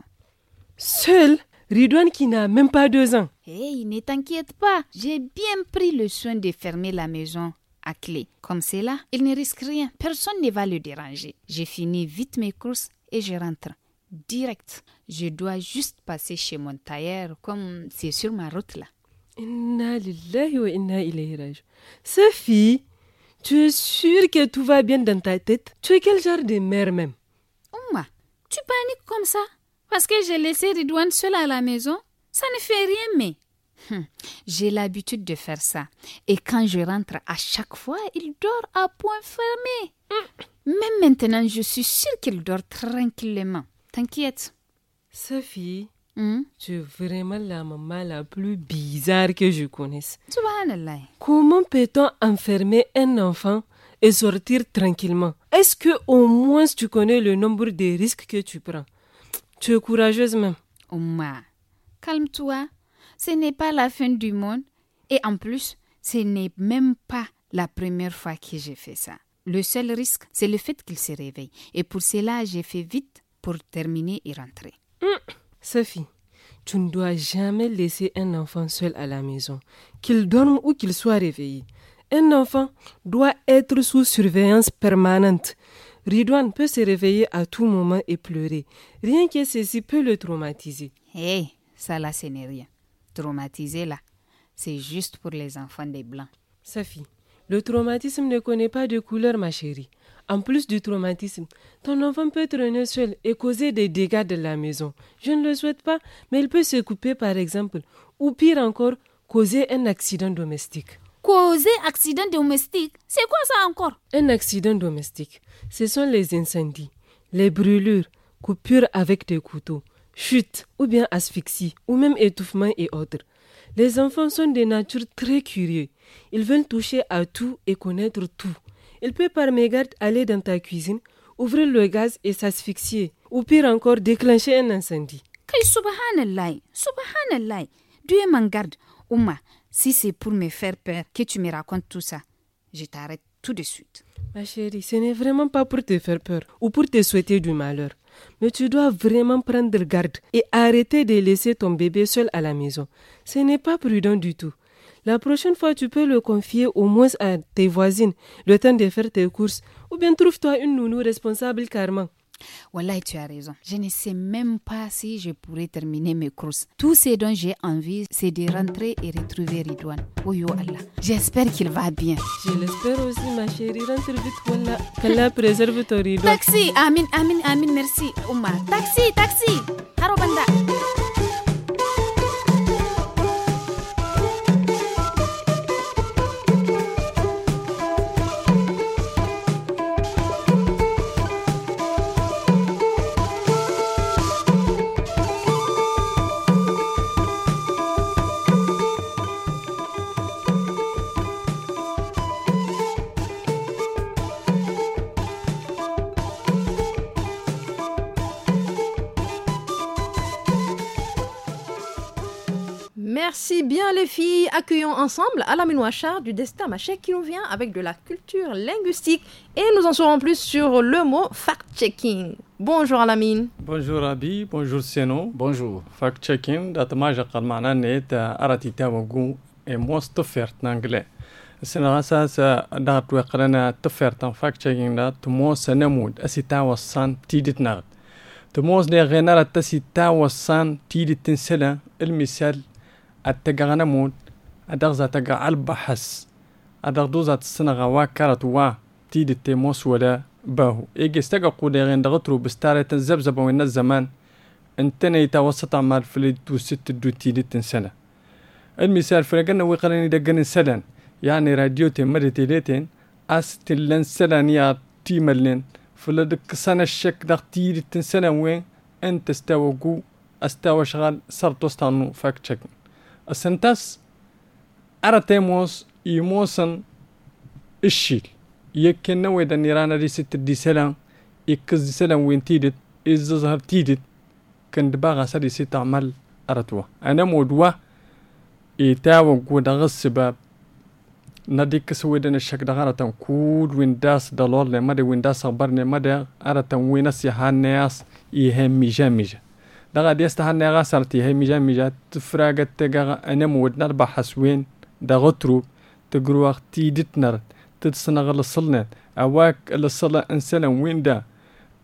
Seul Ridouane qui n'a même pas deux ans. Hé, ne t'inquiète pas. J'ai bien pris le soin de fermer la maison à clé. Comme c'est là, il ne risque rien. Personne ne va le déranger. J'ai fini vite mes courses et je rentre direct. Je dois juste passer chez mon tailleur comme c'est sur ma route là. Sophie, tu es sûre que tout va bien dans ta tête Tu es quel genre de mère même Ouma, tu paniques comme ça Parce que j'ai laissé Ridouane seul à la maison Ça ne fait rien mais... Hum, j'ai l'habitude de faire ça. Et quand je rentre, à chaque fois, il dort à point fermé. Mm. Même maintenant, je suis sûre qu'il dort tranquillement. T'inquiète. Sophie, hmm? tu es vraiment la maman la plus bizarre que je connaisse. Subhanallah. Comment peut-on enfermer un enfant et sortir tranquillement Est-ce que au moins tu connais le nombre de risques que tu prends Tu es courageuse même. Oma, calme-toi. Ce n'est pas la fin du monde. Et en plus, ce n'est même pas la première fois que j'ai fait ça. Le seul risque, c'est le fait qu'il se réveille. Et pour cela, j'ai fait vite pour terminer et rentrer. Hum. Sophie, tu ne dois jamais laisser un enfant seul à la maison, qu'il dorme ou qu'il soit réveillé. Un enfant doit être sous surveillance permanente. Ridouane peut se réveiller à tout moment et pleurer. Rien que ceci peut le traumatiser. Hé, ça là, ce n'est rien. Traumatiser là, c'est juste pour les enfants des Blancs. Sophie, le traumatisme ne connaît pas de couleur, ma chérie. En plus du traumatisme, ton enfant peut traîner seul et causer des dégâts de la maison. Je ne le souhaite pas, mais il peut se couper par exemple, ou pire encore, causer un accident domestique. Causer accident domestique C'est quoi ça encore Un accident domestique, ce sont les incendies, les brûlures, coupures avec des couteaux, chutes ou bien asphyxie, ou même étouffement et autres. Les enfants sont de nature très curieux. Ils veulent toucher à tout et connaître tout. Il peut par mégarde aller dans ta cuisine, ouvrir le gaz et s'asphyxier, ou pire encore déclencher un incendie. subhanallah, subhanallah, Dieu m'en garde. Ouma, si c'est pour me faire peur que tu me racontes tout ça, je t'arrête tout de suite. Ma chérie, ce n'est vraiment pas pour te faire peur ou pour te souhaiter du malheur. Mais tu dois vraiment prendre garde et arrêter de laisser ton bébé seul à la maison. Ce n'est pas prudent du tout. La prochaine fois, tu peux le confier au moins à tes voisines, le temps de faire tes courses. Ou bien trouve-toi une nounou responsable Carmen. Voilà, tu as raison. Je ne sais même pas si je pourrai terminer mes courses. Tout ce dont j'ai envie, c'est de rentrer et retrouver Ridwan. Oh Allah. J'espère qu'il va bien. Je l'espère aussi, ma chérie. Rentre vite, Wallah. la préserve ton Ridwan. Taxi Amin, Amin, Amin, merci. Omar. Taxi, taxi Harobanda Merci bien les filles. Accueillons ensemble Alamine Ouachar du Destin Maché qui nous vient avec de la culture linguistique et nous en saurons plus sur le mot fact-checking. Bonjour Alamine. Bonjour Abi, bonjour Seno. Bonjour. Fact-checking, datamaja kalmana net aratita wagu et most offert en anglais. tofert en fact-checking تفرتن to تشيكين دا asita نمود اسيتا وصان To نغد تموس دي غينارا تسيتا وصان تيدت el misel اتقغنا مون ادغزا تقع البحس ادغدوزا تسنغا كارت وا تيد التيموس ولا باهو إيجي استقا قوديغين دغترو بستارة زبزبا وين الزمان انتني توسط عمال فليد دو ست دو تيد تنسنة المثال فلقنا ويقلني دقن سلن يعني راديو تي راديوتين اس تلن سلن يا تيملن فلد سنة الشك دغ تيد تنسنة وين انت استوى قو استوى شغال صرتو استانو فاكتشكن asentas أرتموس يموسن الشيل يكن دا نيران دي ست دي سلام يكز دي سلام وين تيدت إز زهر تيدت كان باغا سري ست عمل أرتوا أنا مودوا إتاو قود غصبا نديك سويدن الشك دغارة كود وين داس دلول مدى وين داس أخبرني مدى أرتن وين ناس يهان ناس يهم ميجا ميجا دغا ديستهن غا سرتي هي ميجا ميجا تفراغت تيغا انا مود نربا حسوين دغا ترو تقرو وقت تيدتنر تتسنغ لصلنا اواك لصلا انسلا وين دا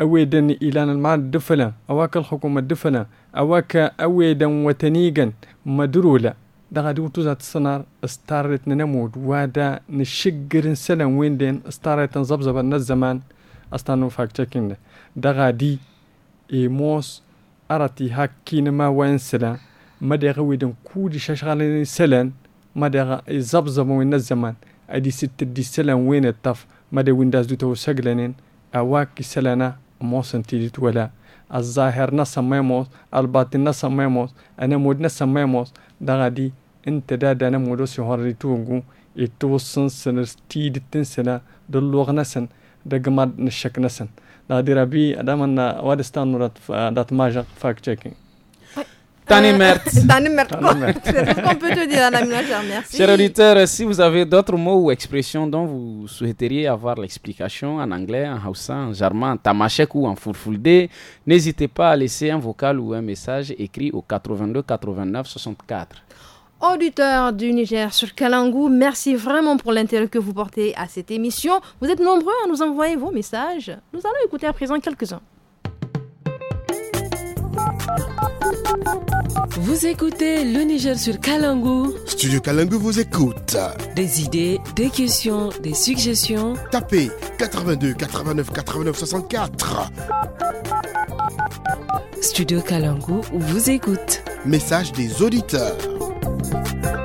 أويدن إلان المال دفلا أواك الحكومة الدفلة أواك اويدن وتنيقا مدرولة دغا دو توزا تسنار استارت ننمود وادا نشقر نسلا وين دين استارت نزبزب الزمان استانو فاك تشكين دغا دي موس arati hakkinama wayan sela madaga wedan kudi shashgalin selan madaga e zabzama wena zaman adi sittadi selan wena taf مدى ويندوز دوتو سجلنين أواكي سلنا موسن تيدت ولا الظاهر نسا ميموس الباطن نسا ميموس أنا مود نسا ميموس دغدي انت دا دا أنا مودو سيهوري توغو يتوسن سنر تيدت تنسنا دلوغ نسن دقماد نشك نسن Uh, Tani uh, euh, Mert. C'est ce qu'on peut te dire, Madame Merci. Chers auditeurs, si vous avez d'autres mots ou expressions dont vous souhaiteriez avoir l'explication en anglais, en haussa, en german, en tamashek ou en fourfouldé, n'hésitez pas à laisser un vocal ou un message écrit au 82 89 64 auditeurs du Niger sur Kalangou, merci vraiment pour l'intérêt que vous portez à cette émission. Vous êtes nombreux à nous envoyer vos messages. Nous allons écouter à présent quelques-uns. Vous écoutez le Niger sur Kalangou. Studio Kalangou vous écoute. Des idées, des questions, des suggestions. Tapez 82 89 89 64. Studio Kalangou vous écoute. Message des auditeurs. Thank you.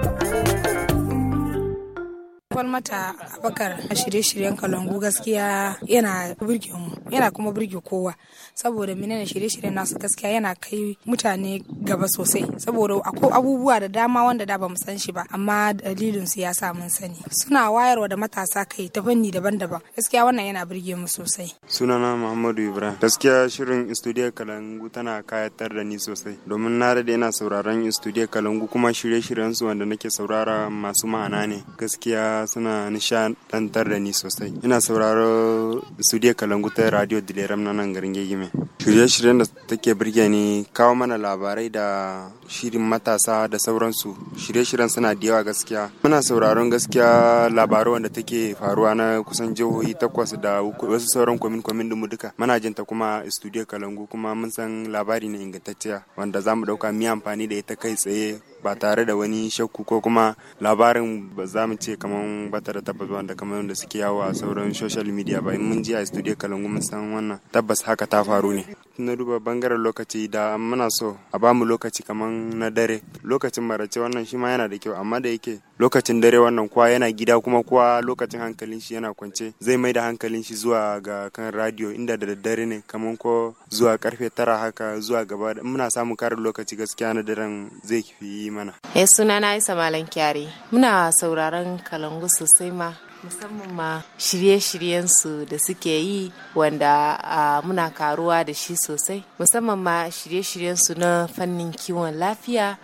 mata abakar a shirye-shiryen kalangu gaskiya yana birge mu yana kuma birge kowa saboda menene shirye-shiryen nasu gaskiya yana kai mutane gaba sosai saboda akwai abubuwa da dama wanda da bamu san shi ba amma dalilin su ya sa mun sani suna wayarwa da matasa kai ta fanni daban-daban gaskiya wannan yana birge mu sosai sunana Muhammadu Ibrahim gaskiya shirin studio kalangu tana kayatar da ni sosai domin na da ina sauraron studio kalangu kuma shirye-shiryen su wanda nake saurara masu ma'ana ne gaskiya suna nishadantar da ni sosai ina sauraro studio kalangu ta radio dileram na nan garin gegime shirye-shiryen da take birge ni kawo mana labarai da shirin matasa da sauransu shirye-shiryen suna da yawa gaskiya muna sauraron gaskiya labarai wanda take faruwa na kusan jihohi takwas da wasu sauran kwamin kwamin mu duka muna jinta kuma studio kalangu kuma mun san labari na ingantacciya wanda za mu dauka mi amfani da ita kai tsaye ba tare da wani shakku ko kuma labarin ba za mu ce kamar bata da tabbas wanda kamar yadda suke yawo a sauran social media ba in mun je a studio kalangu mun san wannan tabbas haka ta faru ne na duba bangaren lokaci da muna so a bamu lokaci kamar na dare lokacin marace wannan shi ma yana da kyau amma da yake lokacin dare wannan kuwa yana gida kuma kuwa lokacin hankalin shi yana kwance zai mai da hankalin shi zuwa ga kan radio inda da daddare ne kamar ko zuwa karfe tara haka zuwa gaba muna samun karin lokaci gaskiya na daren zai fi yi mana. ya eh, suna na isa malam kyare muna sauraron kalangu sosai ma musamman ma shirye shiryen su da suke yi wanda muna karuwa da shi sosai musamman ma shirye shiryen su na fannin kiwon lafiya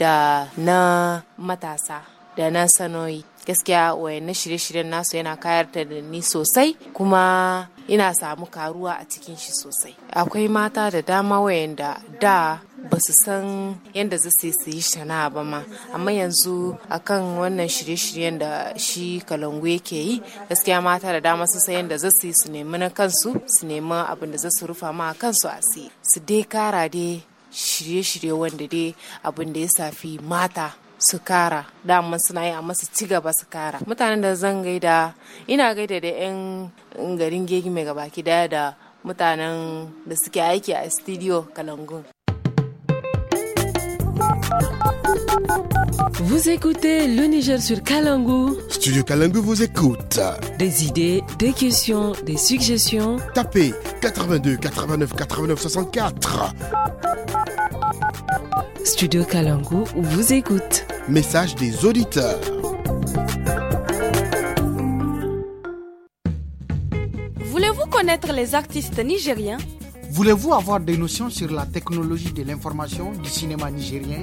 da na matasa da na sanoyi gaskiya wayannan shirye-shiryen nasu yana kayar da ni sosai kuma ina samu karuwa a cikin shi sosai akwai mata da dama wayanda da ba su san yadda za su yi sana'a ba ma amma yanzu akan wannan shirye-shiryen da shi kalangu yake yi gaskiya mata da dama su san yadda za su yi su nemi na kansu su nemi abin da za su rufa ma kansu a su dai kara dai shirye-shirye wanda dai abin da ya safi mata su kara daman suna yi masu masu ci gaba su kara mutanen da zan gaida ina gaida da 'yan garin gegi mai gabaki daya da mutanen da suke aiki a studio kalangun Vous écoutez le Niger sur Kalangu. Studio Kalangu vous écoute. Des idées, des questions, des suggestions. Tapez 82 89 89 64. Studio Kalangu vous écoute. Message des auditeurs. Voulez-vous connaître les artistes nigériens Voulez-vous avoir des notions sur la technologie de l'information du cinéma nigérien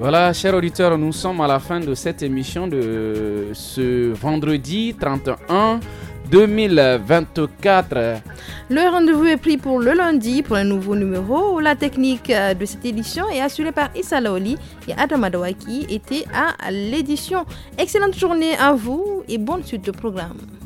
Voilà, chers auditeurs, nous sommes à la fin de cette émission de ce vendredi 31. 2024. Le rendez-vous est pris pour le lundi pour un nouveau numéro. La technique euh, de cette édition est assurée par Issa Laoli et Adam qui étaient à l'édition. Excellente journée à vous et bonne suite de programme.